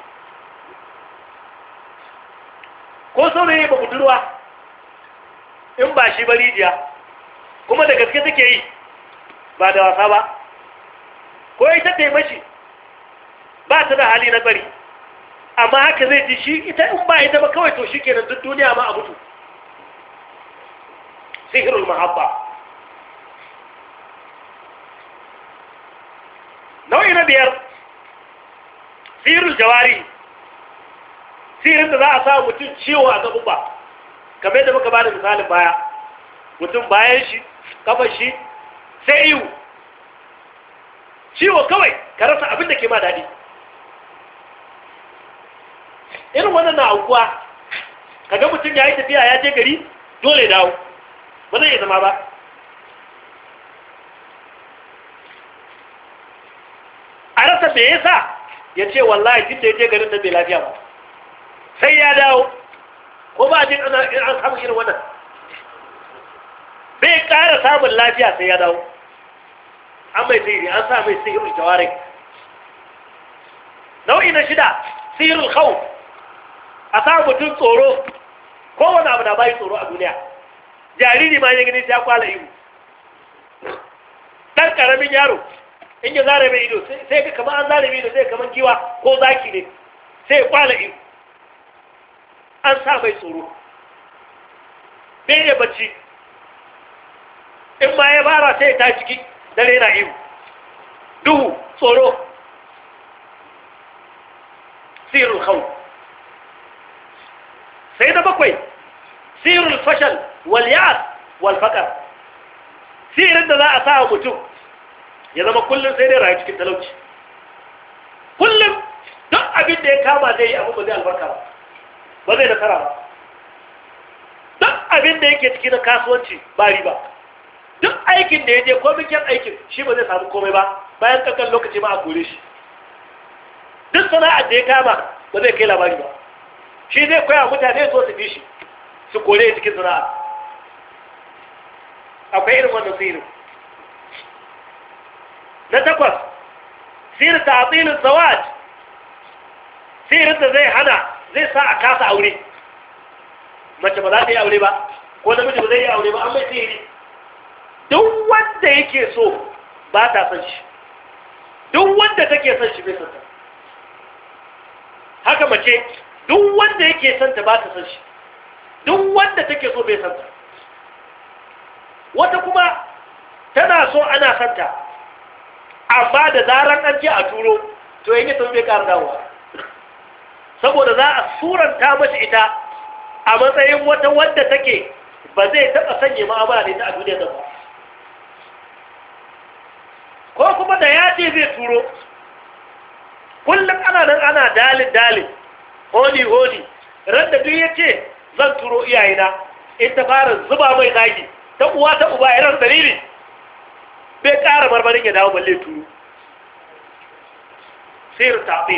ko saurayi ba budurwa in ba shi ba rijiya kuma da gaske take yi ba da wasa ba ko yi ta taimashi ba ta da hali na bari amma haka zai ji shi ita in ba ita ba kawai to shi kenan duk duniya ma a mutu sihirul mahabba nau'i na biyar sihirul jawari sihirin da za a sa mutum ciwo a gabu ba kamar yadda muka ba da misalin baya mutum bayan shi kafa shi sai iwu ciwo kawai ka rasa abin da ke ma daɗi irin wannan na aukuwa kaga mutum ya yi tafiya ya je gari dole dawo ba zai zama ba a rasa me yasa ya ce wallahi duk da ya je garin nan bai lafiya ba sai ya dawo ko ba jin an samun irin wannan bai ƙara samun lafiya sai ya dawo an mai sihiri an sa mai sihirul jawarik nau'i na shida sihirul khawf a sa mutum tsoro kowane abu na bayi tsoro a duniya jariri ma ya gani ya kwala ihu Ɗan ƙaramin yaro in ya zare mai ido sai ka kamar an zare mai ido sai kamar giwa ko zaki ne sai kwala ihu an sa mai tsoro bai ya bacci in ma ya fara sai ta ciki dare yana ihu duhu tsoro sirrul khawf sai da bakwai sirrul fashal wal ya'as wal faqar sirrin da za a sa mutum ya zama kullum sai dai rayu cikin talauci kullum duk abin da ya kama zai yi abu ba zai albarka ba ba zai nasara ba duk abin da yake na kasuwanci ba riba duk aikin da ya je ko bikin aikin shi ba zai samu komai ba bayan kankan lokaci ma a kore shi duk sana'ar da ya kama ba zai kai labari ba shi zai koya mutane so su bi shi su kore cikin sana'a akwai irin wannan sirin na takwas sirin ta atilin zawaj sirin da zai hana zai sa a kasa aure mace ba za ta yi aure ba ko namiji ba zai yi aure ba an mai sirin duk wanda yake so ba ta san shi duk wanda take san shi bai san ta haka mace duk wanda yake san ta ba ta san shi duk wanda take so bai san ta wata kuma tana so ana san ta amma da zaran an je a turo to yake tafi bai ƙara dawowa saboda za a suranta mashi ita a matsayin wata wanda take ba zai taɓa sanya ma'amala da ita a duniya da ba ko kuma da ya ce zai turo kullum ana nan ana dalin dalin holi holi ran da duk ya ce zan turo iyayena in ta fara zuba mai zagi ta uwa ta uba irin dalili bai ƙara marmarin ya dawo balle turo sir tafi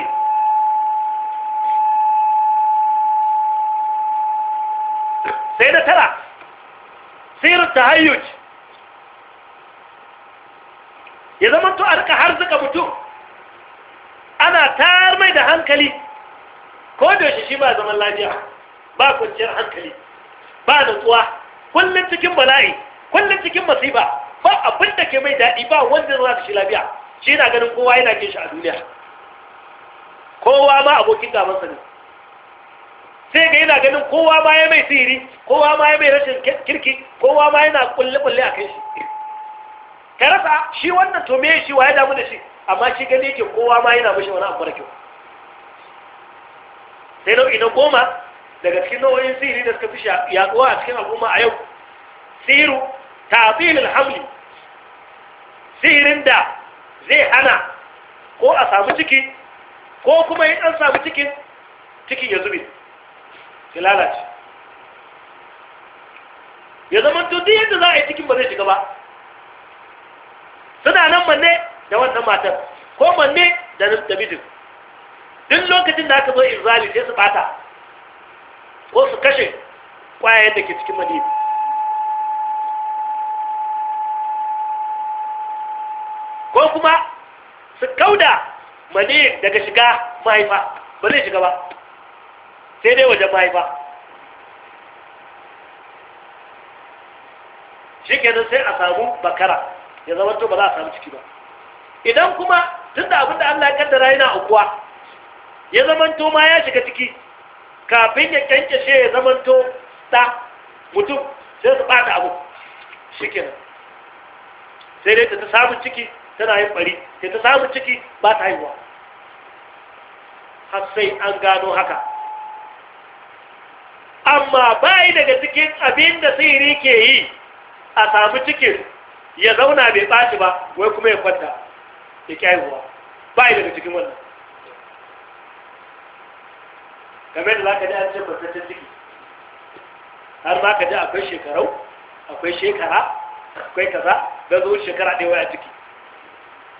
sai na tara sir ta hayyuci ya zama to a rika zuka mutum ana tayar mai da hankali ko da shi shi ba zaman lafiya ba kwanciyar hankali ba natsuwa. kullum cikin bala'i kullum cikin masifa ba abin da ke mai daɗi ba wanda za shi lafiya shi na ganin kowa yana ke shi a duniya kowa ma abokin gabansa ne sai ga yana ganin kowa ma ya mai sihiri kowa ma ya mai rashin kirki kowa ma yana kulle-kulle a kai shi ka rasa shi wannan to shi wa ya damu da shi amma shi gani yake kowa ma yana mashi wani abu da kyau sai nau'i na goma daga cikin nau'o'in sihiri da suka fi yaduwa a cikin al'umma a yau sihiru ta ta'zilul hamli sihirin da zai hana ko a samu ciki ko kuma yi an samu cikin cikin ya zube ya lalace ya zama to duk yadda za a yi cikin ba zai shiga ba suna nan manne da wannan matar ko manne da namijin duk lokacin da aka zo izali sai su bata ko su kashe kwayayen da ke cikin maniyi ko kuma su kauda maniyin daga shiga mahaifa ba zai shiga ba sai dai wajen mahaifa shi kenan sai a samu bakara ya zama to ba za a samu ciki ba idan kuma tun da abin da Allah ya kaddara yana ukuwa ya zama to ma ya shiga ciki kafin ya shi ya zama to ta mutum sai su bata abu shikin sai dai ta ta samun ciki tana yin bari sai ta samun ciki ba ta haihuwa har sai an gano haka amma bai daga cikin abin da sihiri ke yi a samu cikin ya zauna bai ɓaci ba wai kuma ya kwanta ya kyaiwa ba yi daga cikin wannan game da za ka ji an ce matsatsen ciki har za ka ji akwai shekarau akwai shekara akwai kaza da zuwa shekara ɗaya waya ciki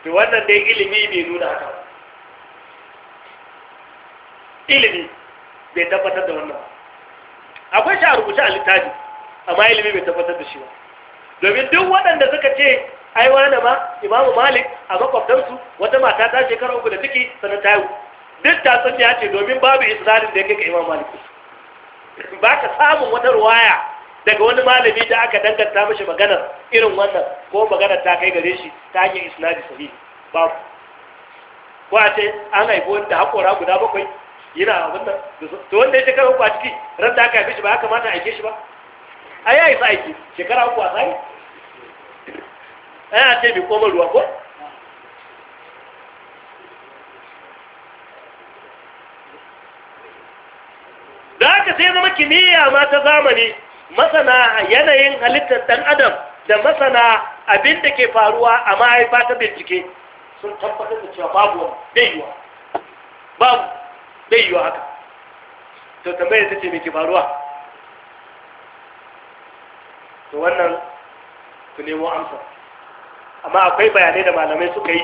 to wannan dai ilimi mai nuna haka ba ilimi bai tabbatar da wannan akwai shi a rubuce a littafi amma ilimi bai tabbatar da shi ba domin duk waɗanda suka ce aiwa da ma imamu malik a makwabtansu wata mata ta shekara uku da ciki sanar ta yi duk ta sun ya ce domin babu isra'il da ya kai ga imamu malik ba ka samun wata ruwaya daga wani malami da aka danganta mashi maganar irin wannan ko maganar ta kai gare shi ta hanyar isra'il sahi babu ko a ce an haifi wanda haƙora guda bakwai yana abin nan to wanda ya shekara uku a ciki ran da aka haife shi ba ya kamata a aike shi ba a yi aiki shekara uku a tsaye ana ce mai koma ko da haka sai zama kimiyya ma ta zamani masana yanayin halittar ɗan adam da masana abin da ke faruwa a mahaifa ta bincike sun tabbatar da cewa babu baiwa babu baiwa haka to tambayar ta ce mai ke faruwa to wannan ku nemo amsa amma akwai bayanai da malamai suka yi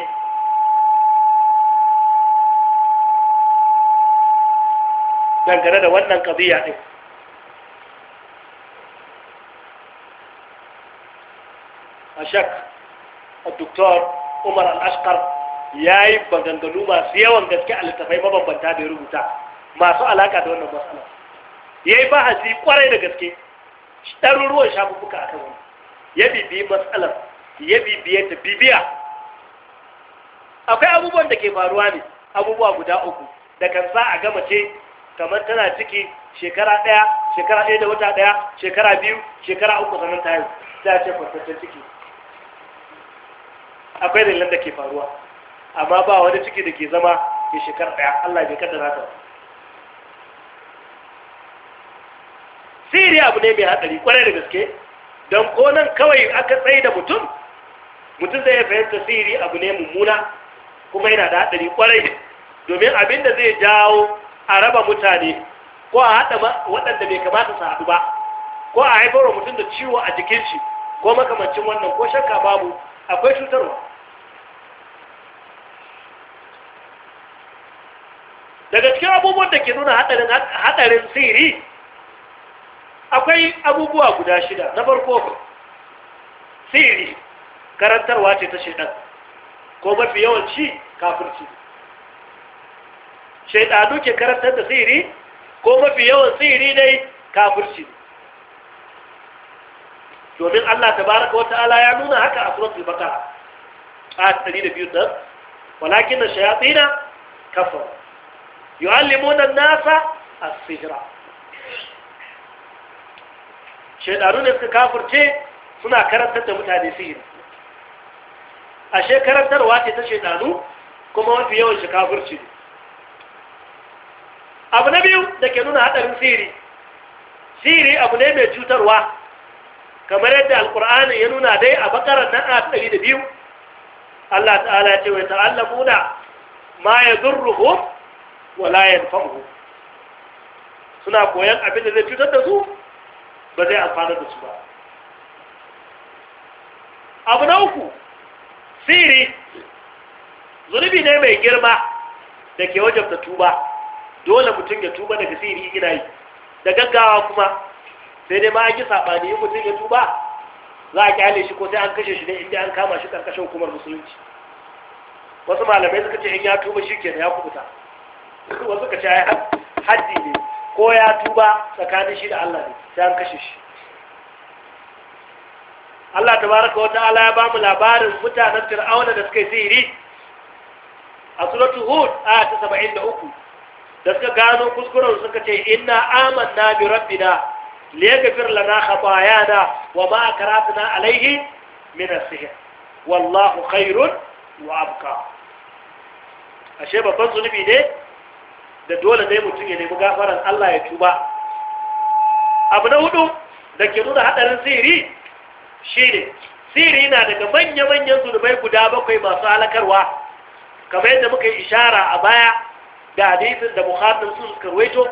dangane da wannan kaziya ɗin a shak a doktor umar al'ashkar ya yi maganganu masu yawan gaske a littafai mabambanta da rubuta masu alaka da wannan matsala ya yi bahasi kwarai da gaske ɗaruruwan shafuffuka a kan wani ya bibiyi matsalar ya bibiye ta bibiya akwai abubuwan da ke faruwa ne abubuwa guda uku da kan sa a gama ce kamar tana ciki shekara ɗaya shekara ɗaya da wata ɗaya shekara biyu shekara uku sannan ta yi ta ce kwatantar ciki akwai dalilan da ke faruwa amma ba wani ciki da ke zama ke shekara ɗaya allah bai na ta siri abu ne mai hatsari kwarai da gaske don ko nan kawai aka tsaye da mutum mutum zai fahimta sihiri abu ne mummuna kuma yana da haɗari kwarai domin abin da zai jawo a raba mutane ko a haɗa waɗanda bai kamata su haɗu ba ko a haifar wa mutum da ciwo a jikin shi ko makamancin wannan ko shakka babu akwai cutarwa daga cikin abubuwan da ke nuna haɗarin sihiri akwai abubuwa guda shida na farko sihiri karantarwa ce ta shaidan ko mafi yawanci kafirci shaidanu ke karantar da sihiri ko mafi yawan sihiri dai kafirci domin Allah tabaraka wa ta'ala ya nuna haka a suratul baqara ayat 102 dan walakin ash-shayatin kafaru yu'allimuna an-nasa as-sihra shaidanu ne suka kafirce suna karantar da mutane sihiri shekarar tarwa ce ta shaidanu kuma mafi yawan shi kafirci abu na biyu da ke nuna haɗarin siri siri abu ne mai cutarwa kamar yadda alkur'ani ya nuna dai a bakarar na ɗari da biyu allah ta'ala ce wai ta'allamuna ma ya zurruhu wa la yanfa'uhu suna koyan abin da zai cutar da su ba zai amfana da su ba abu na uku siri zunubi ne mai girma da ke wajabta tuba dole mutum ya tuba daga siri gina yi da gaggawa kuma sai dai ma an yi saɓani yin mutum ya tuba za a kyale shi ko sai an kashe shi ne inda an kama shi karkashin hukumar musulunci wasu malamai suka ce in ya tuba shi ke da ya kubuta wasu ka ce haddi ne ko ya tuba tsakanin shi da Allah ne sai an kashe shi Allah tabaraka wa ta'ala ya bamu labarin mutanen Fir'auna da suka yi sihiri a suratu Hud aya ta 73 da suka gano kuskuren suka ce inna amanna bi rabbina liyaghfir lana khataayana wa ma akrahtana alayhi min as-sihr wallahu khairun wa abqa ashe babban zunubi ne da dole ne mutum ya nemi gafaran Allah ya tuba abu na hudu da ke nuna hadarin sihiri shine sihiri na daga manya-manyan zunubai guda bakwai masu halakarwa kamar yadda muka yi ishara a baya da hadisin da bukhari sun suka ruwaito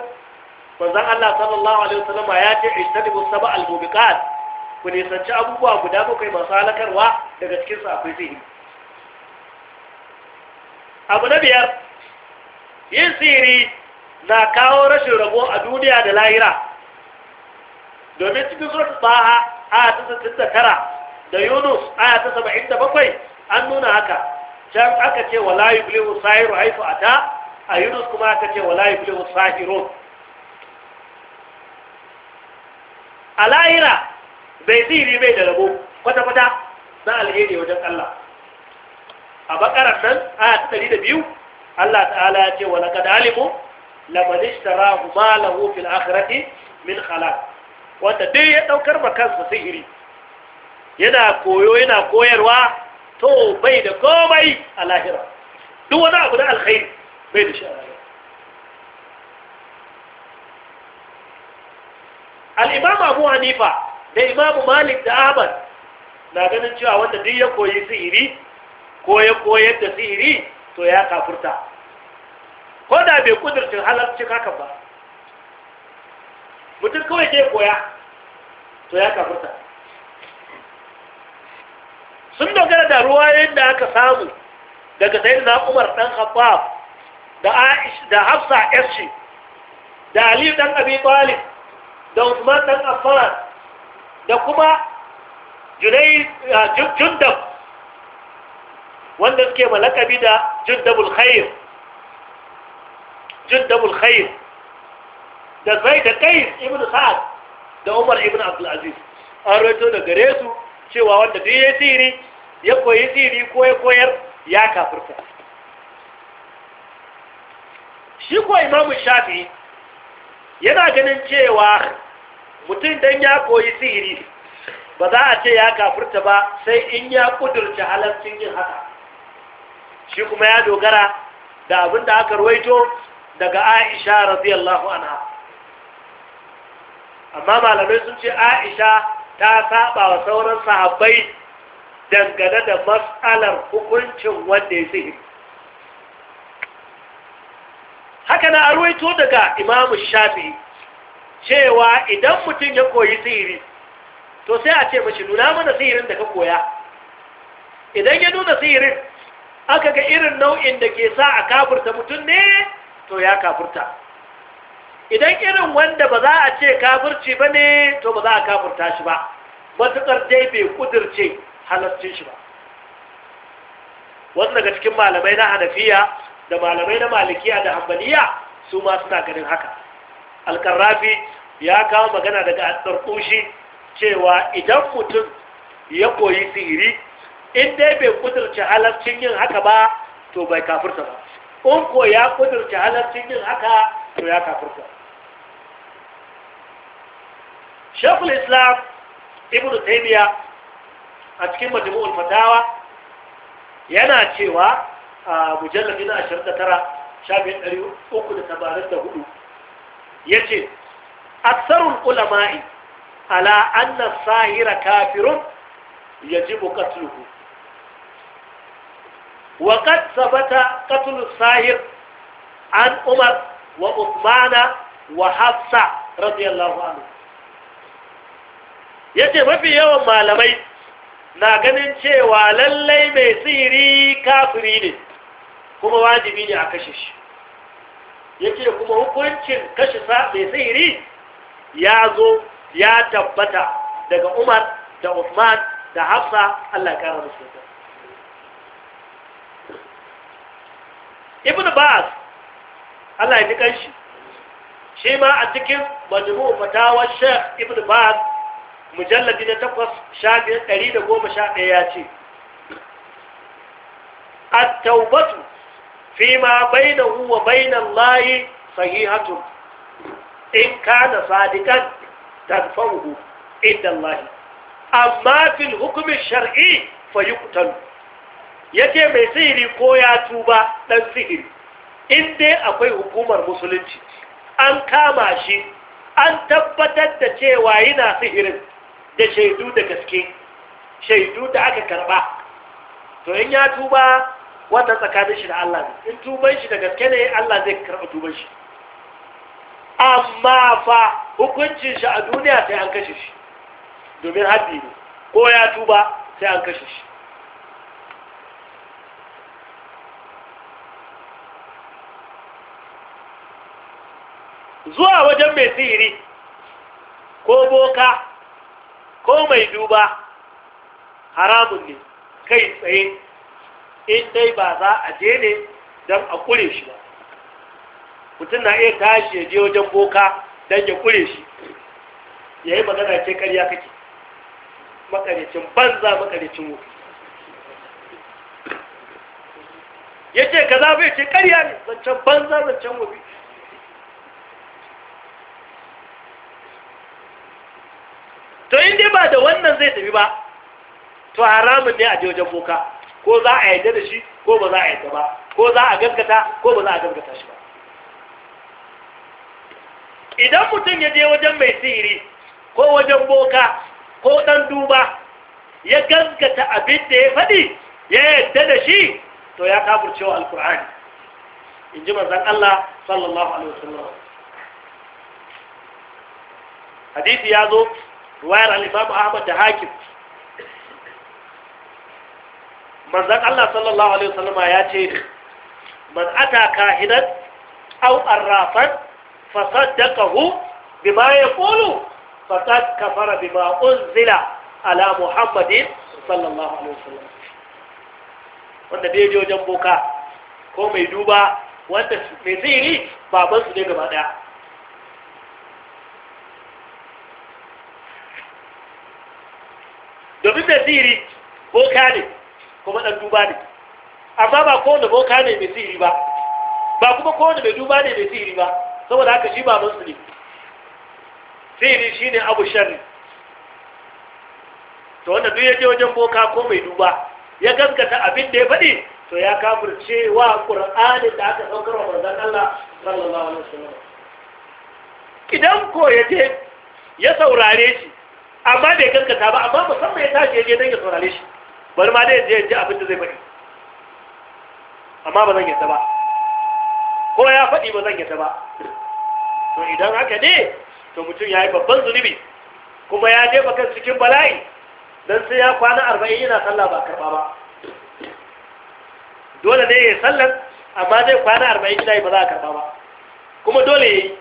Allah sallallahu alaihi wasallam ya ce istanibu saba al albubikal ku nisanci abubuwa guda bakwai masu halakarwa daga cikin su akwai sihiri abu na biyar yin sihiri na kawo rashin rabo a duniya da lahira domin cikin suratul baha aya ta sittin da tara da yunus aya ta saba'in da bakwai an nuna haka can aka ce wala yublihu sahiru haifu ata a yunus kuma aka ce wala yublihu sahirun a lahira bai ziri bai da rabo kwata-kwata na alheri wajen Allah a bakarar nan aya ta ɗari da biyu Allah ta'ala ya ce wa laqad alimu laman ishtarahu ma lahu fil akhirati min khalaq wanda dai ya ɗaukar ba kansa sihiri yana koyo yana koyarwa to bai da komai a lahira duk wani abu na alkhairi bai da shi a lahira al'imam abu hanifa da imamu malik da ahmad na ganin cewa wanda duk ya koyi sihiri ko ya koyar da sihiri to ya kafurta ko da bai kudurcin halarci haka ba mutum kawai ke koya to ya kafurta sun dogara da ruwa yadda aka samu daga sayi na umar ɗan habab da hafsa yashi da ali ɗan abi talib da usman ɗan affan da kuma ah, jundab wanda suke malakabi da jundabul khair jundabul khair da zai da kai ibn sa'ad da umar ibn abdul aziz an rato da gare su cewa wanda duk ya tsiri ya koyi tsiri ko ya koyar ya kafirta shi ko imamu shafi yana ganin cewa mutum dan ya koyi tsiri ba za a ce ya kafirta ba sai in ya kudurce halarcin yin haka shi kuma ya dogara da abin da aka ruwaito daga aisha radiyallahu anha amma malamai sun ce aisha ta saba wa sauran sahabbai dangane da matsalar hukuncin wanda ya sihiri haka na arwaito daga imamu shafi cewa idan mutum ya koyi sihiri to sai a ce mashi nuna mana sihirin da ka koya idan ya nuna sihirin aka ga irin nau'in da ke sa a kafurta mutum ne to ya kafurta idan irin wanda ba za a ce kafirci ba ne to ba za a kafirta shi ba matuƙar dai bai ƙudurce halarcin shi ba wasu daga cikin malamai na hanafiya da malamai na malikiya da hambaliya su ma suna ganin haka alkarrafi ya kawo magana daga ƙushi cewa idan mutum ya koyi sihiri in dai bai ƙudurce halarcin yin haka ba to bai kafirta ba in ko ya ƙudurce halarcin yin haka to ya kafirta شيخ الإسلام ابن تيمية أتكلم دموع الفتاوى ينا تشيوى آه، مجلد هنا أشهر ترى شابه أريو أكد تبارد هدو يتي أكثر العلماء على أن الصاهر كافر يجب قتله وقد ثبت قتل الصاهر عن عمر وعثمان وحفصة رضي الله عنه ya mafi yawan malamai na ganin cewa lallai mai sihiri kafiri ne kuma wajibi ne a kashe shi ya kuma hukuncin kashe mai sihiri ya zo ya tabbata daga umar da usman da hafsa allah kara musulunta ibn ba'as allah ya ji kanshi shi ma a cikin majmu fatawar sheikh ibn ba'as mujalladi na takwas shafin ɗari da goma sha ɗaya ya ce attaubatu fi ma bai da huwa bai na layi sahihatun in ka kana sadikan tarfahu inda layi amma fil hukumin shar'i fa yi yake mai sihiri ko ya tuba dan sihiri in dai akwai hukumar musulunci an kama shi an tabbatar da cewa yana sihirin da shaidu da gaske shaidu da aka karba to in ya tuba wannan tsakanin shi da Allah ne in tuban shi da gaske ne Allah zai karba tuban shi amma fa hukuncin shi a duniya sai an kashe shi domin haddi ne ko ya tuba sai an kashe shi zuwa wajen mai sihiri ko boka ko mai duba haramun ne kai tsaye in dai ba za a je ne don a kure shi ba mutum na iya tashi ya je wajen boka don ya kure shi ya yi magana ce karya kake makaricin banza makaricin wufi ya ce ka zafi bai ce karya ne zancen banza zancen wufi ba da wannan zai tafi ba to haramun ne a je wajen boka ko za a yadda da shi ko ba za a yadda ba ko za a gaskata ko ba za a gaskata shi ba idan mutum ya je wajen mai sihiri ko wajen boka ko ɗan duba ya gaskata abin da ya faɗi ya yadda da shi to ya kafurcewa alkur'ani in ji manzan Allah sallallahu alaihi wasallam hadisi ya zo ruwayar al-imam ahmad da hakim manzan Allah sallallahu alaihi wasallama ya ce man ata kahinan au arrafan fasaddaqahu bima yaqulu faqad kafara bima unzila ala muhammadin sallallahu alaihi wasallama wanda bai yaje wajen boka ko mai duba wanda mai sihiri baban su ne gaba daya duk da siri boka ne kuma ɗan duba ne amma ba kowane boka ne mai sihiri ba ba kuma kowane mai duba ne mai sihiri ba saboda haka shi ba musu ne sihiri shi ne abu sharri to wanda duk ya je wajen boka ko mai duba ya gaskata abin da ya faɗi to ya kafirce wa ƙur'anin da aka saukar wa manzon Allah sallallahu alaihi wasallam idan ko ya je ya saurare shi amma bai gaskata ba amma musamman ya tashi ya je ya saurare shi bari ma dai ya ji abin da zai faɗi amma ba zan yadda ba ko ya faɗi ba zan yadda ba to idan haka ne to mutum ya yi babban zunubi kuma ya jefa kan cikin bala'i don sai ya kwana arba'in yana sallah ba karɓa ba dole ne ya yi sallan amma zai kwana arba'in yana yi ba za a karɓa ba kuma dole ya yi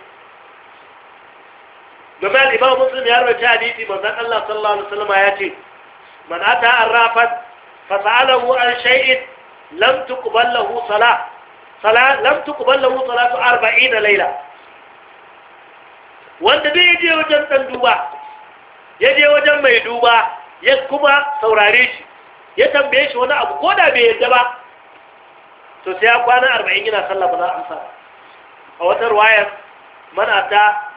game da imam muslim ya rawaita hadisi manzon Allah sallallahu alaihi wasallam ya ce man ata arrafat fa sa'alahu an shay'in lam tuqbal lahu sala salat lam tuqbal lahu salatu 40 layla wanda bai je wajen dan duba ya je wajen mai duba ya kuma saurare shi ya tambaye shi wani abu ko da bai yadda ba to sai ya kwana 40 yana sallah ba za a amsa a wata ruwayar man ata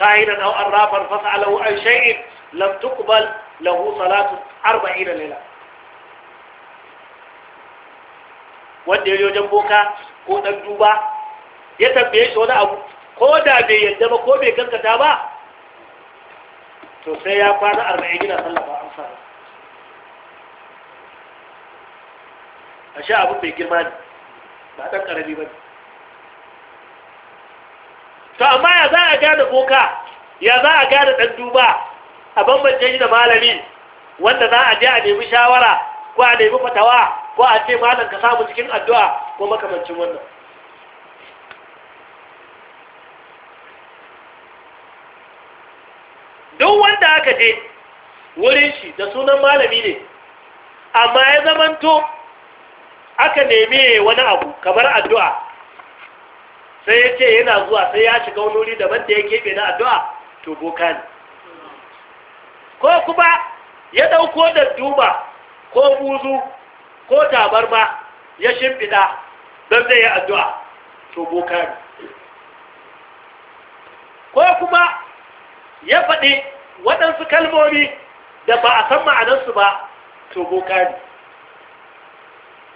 قائلا أو أرابا فسأله عن شيء لم تقبل له صلاة أربعين ليلة wanda ya yi wajen boka ko ɗan duba ya tambaye shi wani abu ko da bai yadda ba ko bai kankata ba to sai ya kwana arba'in gina sallafa an sa a sha abin bai girma ne ba ɗan ƙarami ba ne to amma ya za a gane boka ya za a gane ɗan duba a bambance shi da malami wanda za a je a nemi shawara ko a nemi fatawa ko a ce malam ka samu cikin addu'a ko makamancin wannan duk wanda aka je wurin shi da sunan malami ne amma ya zamanto aka neme wani abu kamar addu'a sai ya ce yana zuwa sai ya shiga wani wuri daban da ya keɓe na addu'a to boka ne ko kuma ya ɗauko da duba ko buzu ko tabarma ya shimfiɗa don zai yi addu'a to boka ne ko kuma ya faɗi waɗansu kalmomi da ba a san ma'anarsu ba to boka ne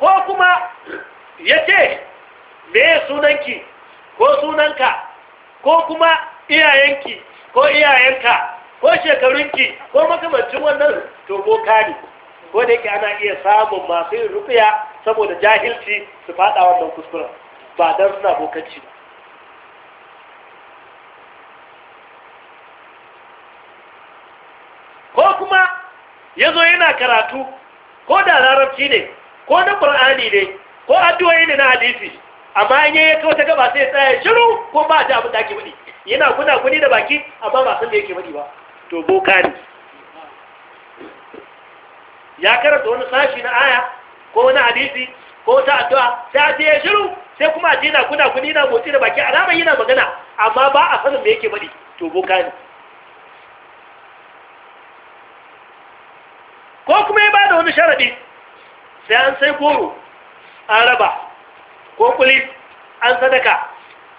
ko kuma ya ce me sunanki ko sunanka ko kuma iyayenki ko iyayenka ko shekarunki ko makamancin wannan to boka ne ko da yake ana iya samun masu yin rukuya saboda jahilci su fada wannan kuskuren ba don suna bokanci ba ko kuma ya zo yana karatu ko da larabci ne ko na ƙur'ani ne ko addu'o'i ne na hadisi amma an yi kawai ta gaba sai ya shiru ko ba ta abin da ake faɗi yana kuna kuni da baki amma ba san da yake faɗi ba to boka ne ya karanta wani sashi na aya ko wani hadisi ko wata addu'a sai a ce ya shiru sai kuma a ce yana kuna kuni na motsi da baki alamar yana magana amma ba a sanin me yake faɗi to boka ne ko kuma ya ba da wani sharaɗi sai an sai goro an raba ko kuli an sadaka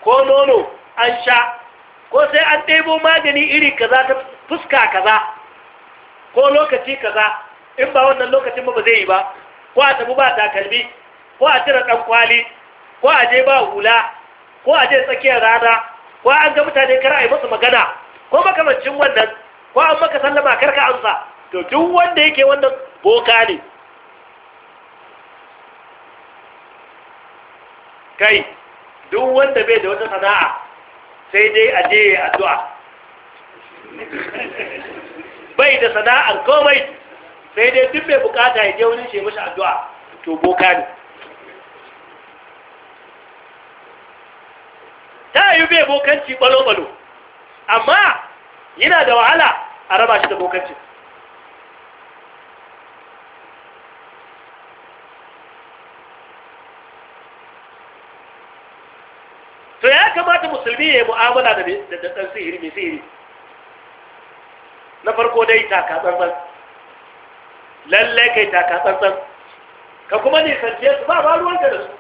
ko nono an sha ko sai an ɗebo magani iri kaza ta fuska kaza ko lokaci kaza in ba wannan lokacin ba zai yi ba ko a tafi ba takalmi ko a cire ɗan kwali ko a je ba hula ko a je tsakiyar rana ko an ga mutane kar a yi musu magana ko makamancin wannan ko an maka sallama karka amsa to duk wanda yake wannan boka ne kai duk wanda bai da wata sana'a sai dai a je ya addu'a bai da sana'ar komai sai dai duk mai bukata ya je wani shi mashi addu'a to boka ne ta yi bai bokanci balo-balo amma yana da wahala a raba shi da bokancin sai ya yi mu'amala da dan sihiri mai sihiri na farko dai taka tsantsan lallai kai taka tsantsan ka kuma ne nisance su ba ba ruwanka da su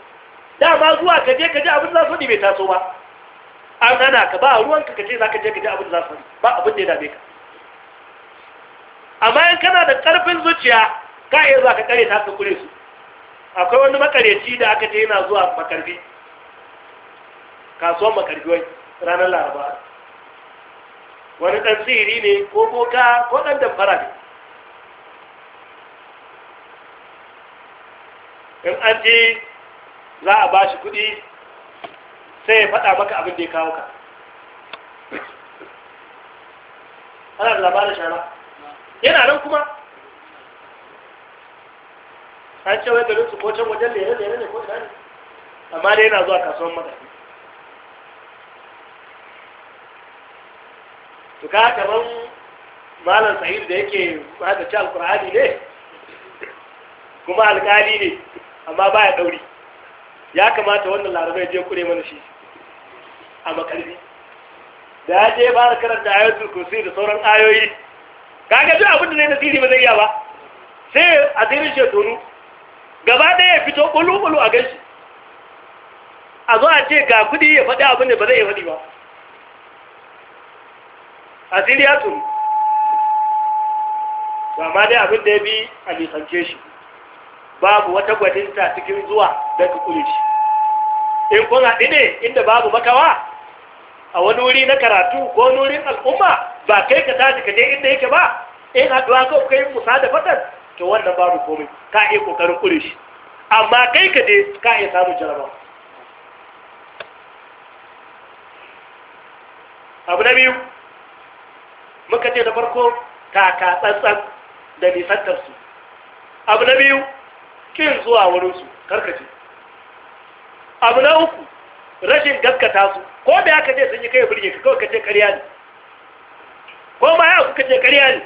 dama zuwa ka je ka je abin za su mai taso ba an hana ka ba ruwanka ka ce za ka je ka je abin za su ba abin da ya dame ka amma in kana da ƙarfin zuciya ka iya zuwa ka kare ta ka kure su akwai wani makareci da aka ce yana zuwa makarfi kasuwan makarfiwai ranar laraba wani ɗan sihiri ne ko boka ko ɗan damfara ne in an ji za a ba shi kuɗi sai ya faɗa maka abin da ya kawo ka ana da labarin shara yana nan kuma an cewa wai garin su ko can wajen lere lere ne ko shari ne amma da yana zuwa kasuwan madafi to ka kaman malam sa'id da yake bada ci alkur'ani ne kuma alkali ne amma baya dauri ya kamata wannan larabai je kure mana shi a makarfi da ya je fara karanta ayatul kursi da sauran ayoyi ga duk abin da zai nasiri ba zai iya ba sai a asirin shetonu gaba ɗaya ya fito ɓulu-ɓulu a ganshi a zo a ce ga kudi ya faɗi abin da ba zai faɗi ba asiri ya turu ba ma dai abin da ya bi a nisance shi babu wata gwadinta cikin zuwa da ka kule shi in kun haɗu ne inda babu makawa a wani wuri na karatu ko wurin al'umma ba kai ka tashi ka je inda yake ba in haɗuwa ka kai musa da fatar to wannan babu komai ka iya ƙoƙarin kuri shi amma kai ka je ka iya samun jaraba abu na biyu muka ce da farko taka tsantsan da nisantarsu abu na biyu kin zuwa wurinsu karkace abu na uku rashin gaskata su ko da aka ce sun yi kai birge kawai ka ce karya ne ko ma ya kuka ce karya ne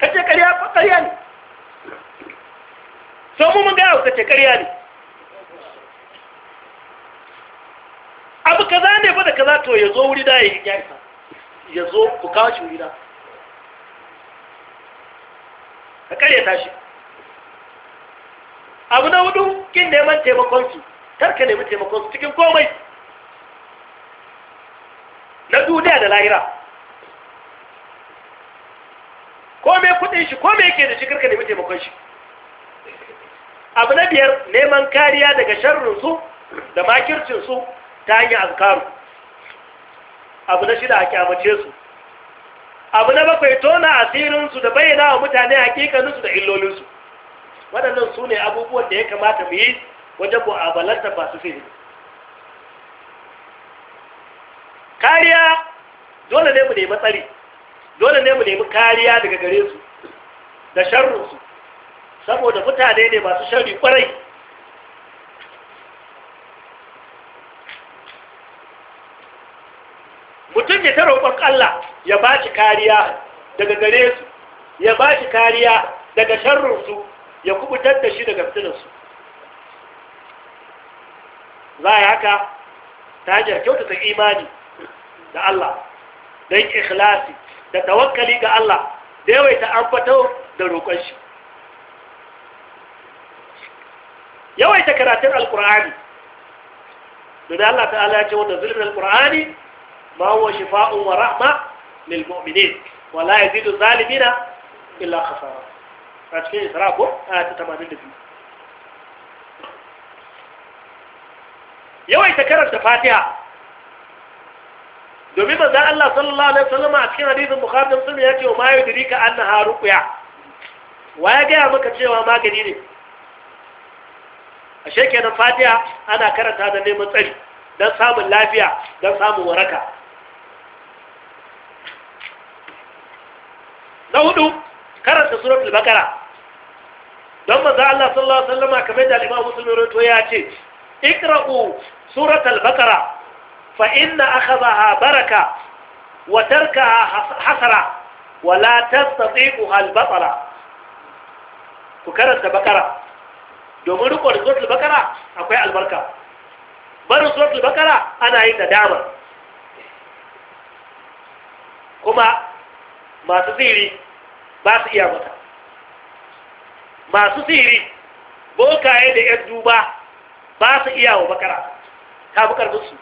ka ce karya ko karya ne sau mu mun gaya kuka ce karya ne abu kaza ne fa da kaza to ya zo wuri da ya yi gyarisa ya zo ku kawo shi wurina ka karyata shi abu na hudu kin neman taimakonsu karka nemi taimakonsu cikin komai na duniya da lahira kome kudin shi kome yake da shi karka nemi taimakon shi abu na biyar neman kariya daga sharrinsu da makircinsu ta hanyar azkaru abu na shida a kyamace su abu na bakwai tona asirinsu da bayyana wa mutane hakikaninsu da illolinsu waɗannan su ne abubuwan da ya kamata mu yi wajen ba masu fi kariya dole ne mu nemi tsari dole ne mu nemi kariya daga gare su da sharrunsu saboda mutane ne masu sharri kwarai yake ta roƙon Allah ya ba shi kariya daga gare su ya ba shi kariya daga sharrinsu ya kubutar da shi daga fitininsu za a yi haka ta hanyar kyautata imani da Allah don ikhlasi da tawakkali ga Allah da yawaita ambato da roƙon shi yawaita karatun alkur'ani da Allah ta'ala ya ce wanda zulmin alkur'ani ma huwa shifa'un wa rahma lil mu'minin wa la illa khasara 82 yawai karanta fatiha domin manzo Allah sallallahu alaihi wasallam a cikin hadisin Bukhari da Muslim ya ce wa ma yudrika annaha ruqya wa ya gaya maka cewa magani ne ashe kenan Fatiha ana karanta da neman tsari dan samun lafiya don samun waraka na hudu karanta suratul bakara don maza Allah sallallahu alaihi wasallam kamar da Imam Muslim rawaito ya ce ikra'u suratul bakara fa inna akhadha baraka wa tarkaha hasara wa la tastati'uha al-batala ku karanta bakara domin riko da suratul bakara akwai albarka barin suratul bakara ana yin da dama kuma masu sihiri ba su iya mata masu sihiri bokaye da ‘yan duba ba su iya wa makara ta fi ƙarfinsu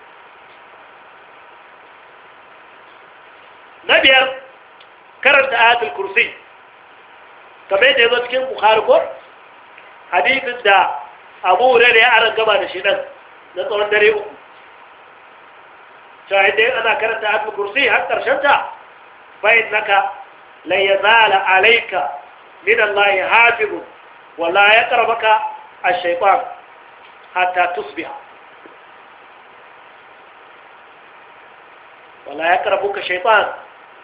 na biyar karanta ayatul kursi kame da ya cikin bukhari ko hadithin da abu da ya aran gaba da shi nan na tsawon dare uku shahidai ana karanta ayatul kursi har ta. فإنك لا يزال عليك من الله حافظ ولا يقربك الشيطان حتى تصبح ولا يقربك الشيطان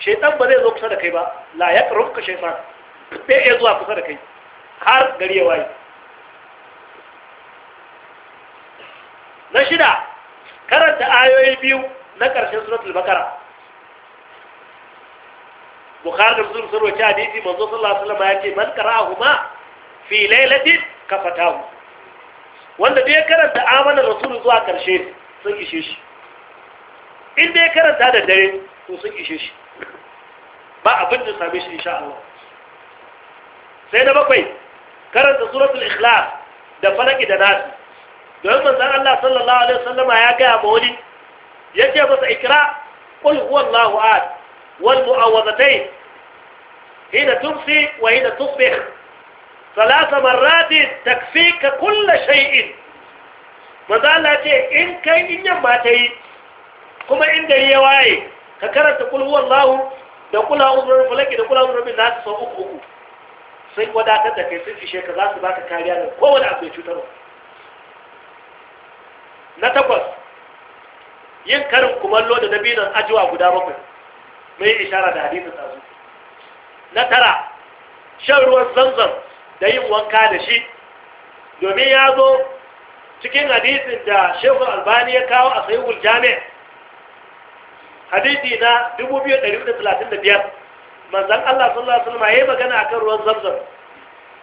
شيطان بذي ذو كسر كيبا لا يقربك الشيطان بي ازوا كسر كيب هار قريه واي نشدا كرنت آيوي بيو نكر سورة البقرة bukhari da muslim sun roki hadisi manzo sallallahu alaihi wasallam ya ce man qara'ahuma fi lailatin kafatahu wanda da ya karanta amana rasul zuwa karshe sun ishe shi in da ya karanta da dare to sun ishe shi ba abin da same shi insha Allah sai na bakwai karanta suratul ikhlas da falaki da nasi don manzon Allah sallallahu alaihi wasallama ya ga ma wani yace masa ikra qul huwallahu ahad wal mu'awwidhatayn حين تمسي وحين تصبح ثلاث مرات تكفيك كل شيء مثلا Allah ce in kai in yamma ta yi kuma in gari ya تقول ka karanta kul huwallahu da kul ha'udhur falaki da kul ha'udhur sai wadatar da kai sun ishe ka za su baka kariya da kowane abu ya cutarwa na takwas yin karin kumallo da dabinan ajiwa guda bakwai mai ishara da hadisin tsazu na tara shan ruwan zanzan da yin wanka da shi domin ya zo cikin hadisin da shehu albani ya kawo a sayuwar jami'a hadisi na 2,135 manzan Allah sallallahu Alaihi wasallam ya yi magana kan ruwan zanzan?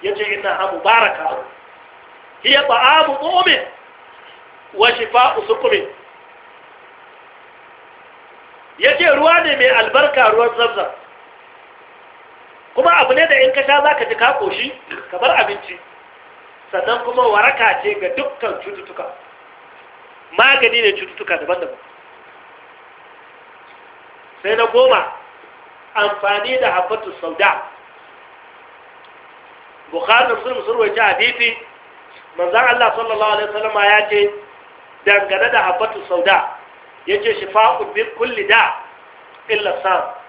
ya ce ina ha mubaraka hiya ba'amu mu'min wa shifa'u sukumin ya ce ruwa ne mai albarka ruwan zanzan. kuma abu ne da in ka sha za ka ji ka ƙoshi ka bar abinci sannan kuma waraka ce ga dukkan cututtuka magani ne cututtuka daban-daban sai na goma amfani da sau sauda bukhatar sun surwaci hadisi manzan Allah sallallahu Alaihi wasallama ya ce dangane da sau sauda ya ce shifa'un bin kulli da illa samu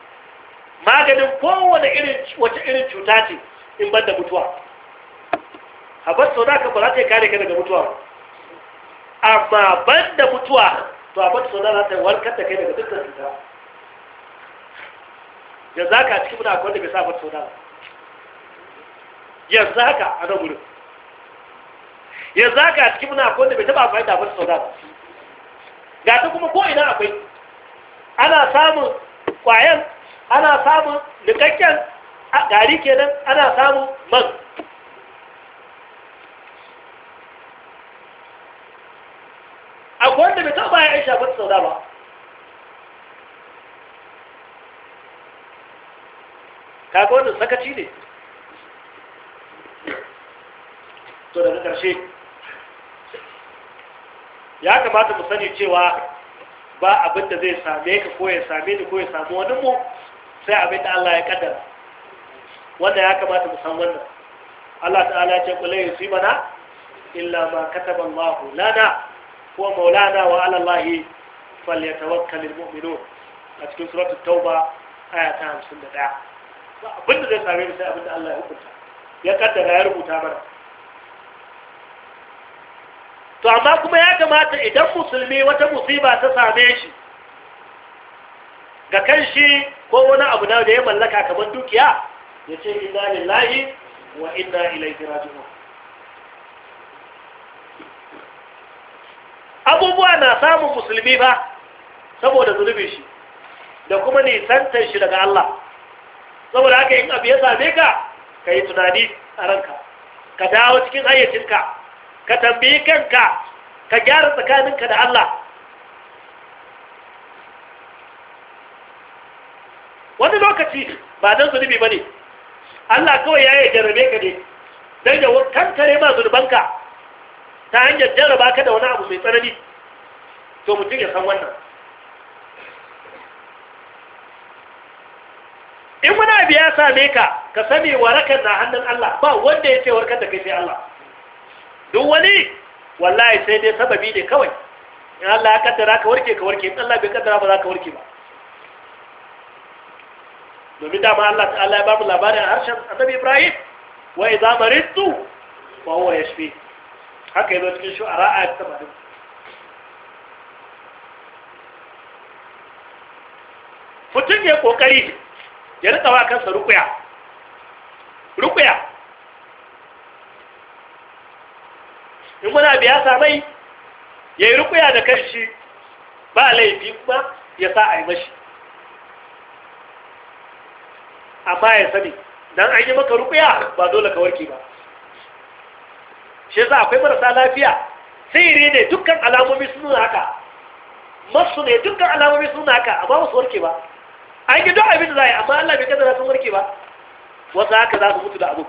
maganin kowane irin wace irin cuta ce in banda mutuwa habar sau da ka ba za ta yi kare ka daga mutuwa amma banda mutuwa to habar sau da za ta yi warkar da kai daga dukkan cuta yanzu haka a cikin muna akwai wanda bai sa habar sau da yanzu haka a nan wurin yanzu haka a cikin muna akwai wanda bai taba amfani da habar sau da ga ta kuma ko ina akwai ana samun kwayan ana samun nikakken gari kenan ana samun man akwai wanda bai taɓa ya aisha ba ta ba kaga wannan sakaci ne to daga ƙarshe ya kamata mu sani cewa ba abin da zai same ka ko ya same ni ko ya samu wani mu sai abin da Allah ya kaddara wanda ya kamata mu san wannan Allah ta'ala ce kula yusibana illa ma kataba Allah lana huwa maulana wa ala Allah falyatawakkalul mu'minun a cikin suratul tauba aya ta 51 ba abin da zai same ni sai abin da Allah ya hukunta ya kaddara ya rubuta mana to amma kuma ya kamata idan musulmi wata musiba ta same shi ga kan shi ko wani abu na da ya mallaka kamar dukiya ya ce inna lillahi wa inna ilaihi raji'un abubuwa na samun musulmi ba saboda zunubin shi da kuma nisantar shi daga Allah saboda haka in abu ya same ka ka yi tunani a ranka ka dawo cikin hayyacinka ka tambayi kanka ka gyara tsakaninka da Allah wani lokaci ba don zunubi ba ne, Allah kawai ya yi jarabe ka ne don ya kankare ma zunubanka ta hanyar jaraba ka da wani abu mai tsanani to mutum ya san wannan in wani abu ya same ka ka sani warakan na hannun Allah ba wanda ya ce warkar da kai sai Allah duk wani wallahi sai dai sababi ne kawai in Allah ya kaddara ka warke ka warke in Allah bai kaddara ba za ka warke ba domin dama Allah ta'ala ya ba mu labarin harshen annabi Ibrahim wa idza maridtu fa huwa yashfi haka yazo cikin shu'ara ayat 70 mutum ya kokari ya rika wa kansa rukuya rukuya in muna biya samai ya yi rukuya da kanshi ba laifi kuma ya sa a yi mashi amma ya sani don an yi maka rukuya ba dole ka warke ba shi a akwai marasa lafiya sai iri ne dukkan alamomi sun nuna haka masu ne dukkan alamomi sun nuna haka amma ba su warke ba an yi duk abin da za a yi amma Allah bai kaddara sun warke ba wasu haka za su mutu da abu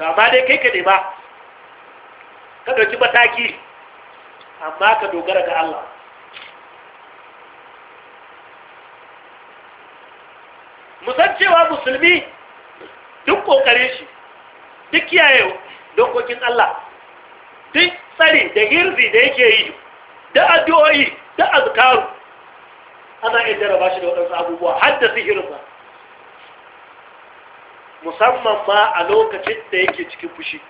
amma dai kai ka nema ka ɗauki mataki amma ka dogara ga Allah musan cewa musulmi duk kokarin shi duk kiyaye dokokin Allah duk tsari da hirzi da yake yi da addu'o'i da azkaru ana iya jarraba shi da waɗansu abubuwa har da sihirinsa musamman ma a lokacin da yake cikin fushi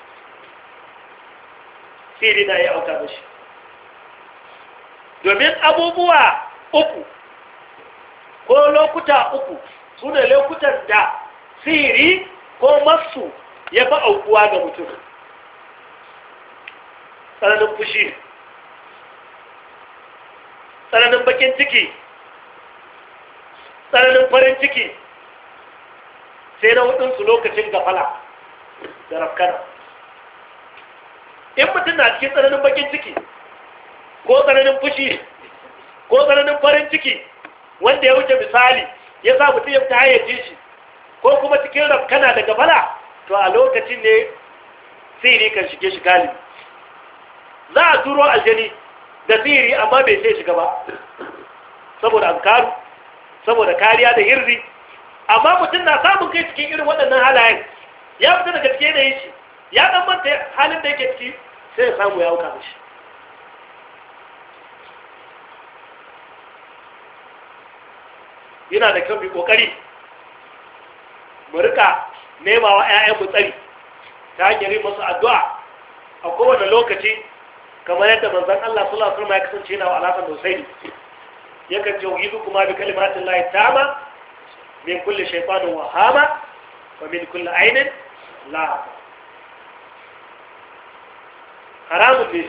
siri na ya auka mashi domin abubuwa uku ko lokuta uku su lokutan da sihiri ko masu ya fi aukuwa ga mutum tsananin fushi tsananin bakin ciki tsananin farin ciki sai na hudunsu lokacin gafala da rafkana in mutum na cikin tsananin bakin ciki ko tsananin fushi ko tsananin farin ciki wanda ya wuce misali ya sa mutum ya fita hayyace shi ko kuma cikin rafkana daga bala, to a lokacin ne siri kan shige shi galibi za a turo aljani da sihiri amma bai sai shiga ba saboda ankaru saboda kariya da hirri amma mutum na samun kai cikin irin waɗannan halayen ya fita daga cikin da shi ya ɗan manta halin da yake ciki sai ya samu ya wuka shi. yana da kyau mai kokari mu nema wa 'ya'yan tsari ta hanyar yi masu addu'a a kowane lokaci kamar yadda manzan Allah su lafi ma ya kasance yana wa alasan da usaini yakan ce uidu kuma bi kalimatin ta ma min kulli shaytanin wahama wa min kulli ainihin la haramun ne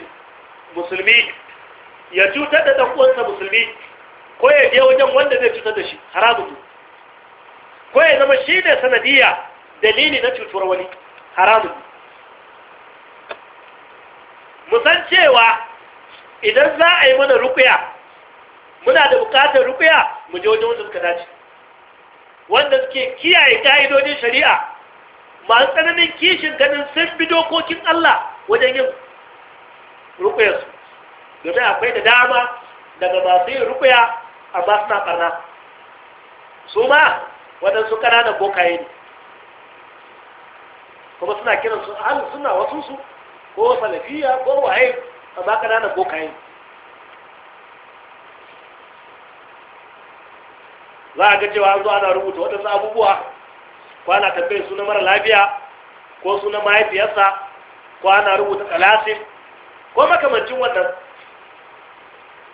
musulmi ya cutar da ɗan uwansa musulmi ko ya je wajen wanda zai cutar da shi haramun ne ko ya zama shi ne sanadiyya dalili na cutar wani haramun ne musan cewa idan za a yi mana rukuya muna da bukatar rukuya mu je wajen wanda suka dace wanda suke kiyaye ka'idodin shari'a masu tsananin kishin ganin sun bi dokokin Allah wajen yin rukuyarsu domin akwai da dama daga masu yin rukuya amma suna barna su ma waɗansu ƙananan bokaye ne kuma suna kiran su ahalin suna wasu su ko salafiya ko waye amma ƙananan bokaye ne za a gajewa an zo ana rubuta waɗansu abubuwa ko ana tambayin suna mara lafiya ko suna mahaifiyarsa ko ana rubuta ƙalasin ko makamancin wannan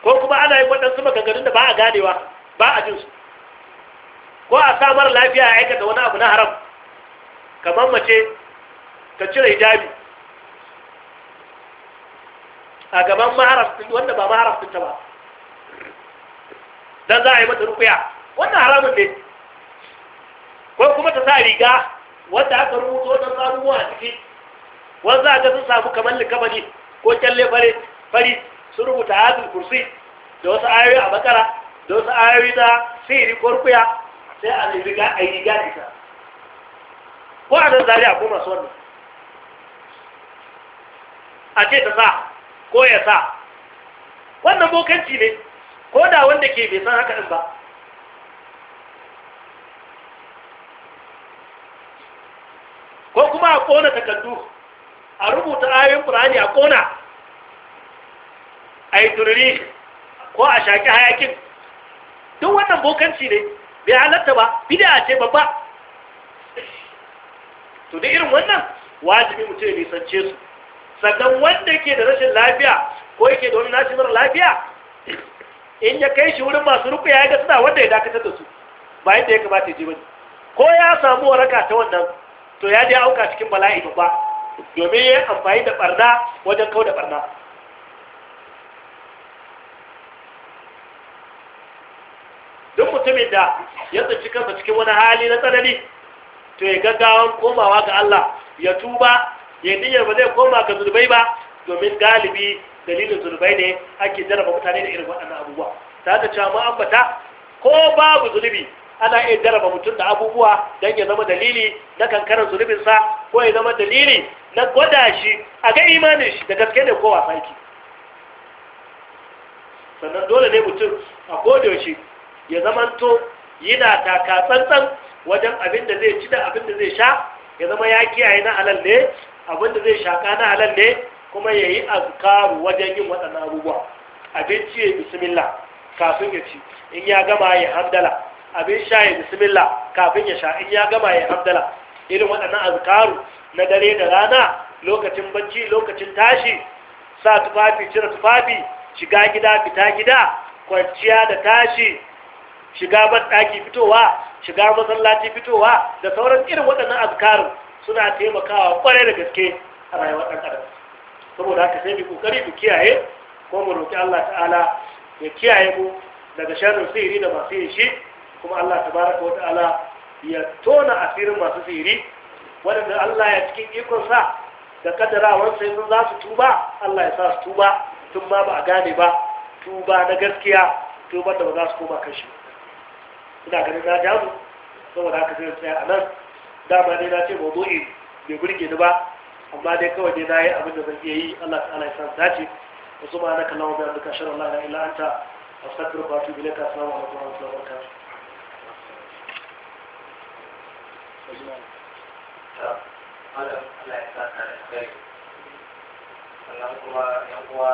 ko kuma ana yin waɗansu maganganun da ba a ganewa ba a jinsu ko a samar lafiya a aikata wani abu na haram kamar mace ta cire hijabi a gaban wanda ba maharafin ta ba don za a yi mata rukuya wannan haramun ne ko kuma ta sa riga wanda aka rubuta wannan sabuwa a ciki wanda za a ga sun samu kamar likamani ko kyalle fari sun rubuta hadin kursi da wasu ayoyi a bakara da wasu ayoyi na sihiri ko rukuya sai a riga a yi riga da ko a nan a kuma su wannan a ce ta sa ko ya sa wannan bokanci ne ko da wanda ke bai san haka ɗin ba ko kuma a ƙona takardu a rubuta ayoyin ƙur'ani a ƙona a yi turiri ko a shaƙi hayakin duk wannan bokanci ne bai halatta ba bida ce babba to da irin wannan wajibi mutum san ce su sannan wanda ke da rashin lafiya ko yake da wani nashi mara lafiya in ya kai shi wurin masu rufe ya ga suna wanda ya dakatar da su bayan da ya kamata ya je bane ko ya samu waraka ta wannan to ya je auka cikin bala'i babba domin ya amfani da barna wajen kau da barna mutumin da ya tsaci kansa cikin wani hali na tsanani to ya gaggawan komawa ga Allah ya tuba ya niyyar ba zai koma ga zunubai ba domin galibi dalilin zunubai ne ake jarraba mutane da irin waɗannan abubuwa ta haka cewa mu ambata ko babu zunubi ana iya jarraba mutum da abubuwa don ya zama dalili na kankarar zunubinsa ko ya zama dalili na gwada shi a ga imanin shi da gaske ne ko wasa sannan dole ne mutum a kodiyoshi ya zamanto yana taka tsantsan wajen abin da zai ci da abin da zai sha ya zama ya kiyaye na halal ne abin da zai shaka na halal ne kuma ya yi azkaru wajen yin waɗannan abubuwa abinci ya bismillah kafin ya ci in ya gama ya hamdala abin sha ya bismillah kafin ya sha in ya gama ya hamdala irin waɗannan azkaru na dare da rana lokacin bacci lokacin tashi sa tufafi cire tufafi shiga gida fita gida kwanciya da tashi shiga banɗaki fitowa shiga masallaci fitowa da sauran irin waɗannan azkarin suna taimakawa ƙwarai da gaske a rayuwar ɗan adam saboda haka sai mu kokari mu kiyaye ko mu roki Allah ta'ala ya kiyaye mu daga sharrin sihiri da masu yin shi kuma Allah tabaraka wa ta'ala ya tona asirin masu sihiri waɗanda Allah ya cikin ikon sa da kaddarawar sai sun za su tuba Allah ya sa su tuba tun ma ba a gane ba tuba na gaskiya tuba da ba za su koma kashi. ba ina ganin na jamu saboda haka zai tsaye a nan dama ne na ce mawdu'in bai burge ni ba amma dai kawai dai na yi abin da zan iya yi Allah ta ala isan dace wa su allahumma wa bihamdika ashhadu an la ilaha illa anta a sakar bile samu a ta a yan uwa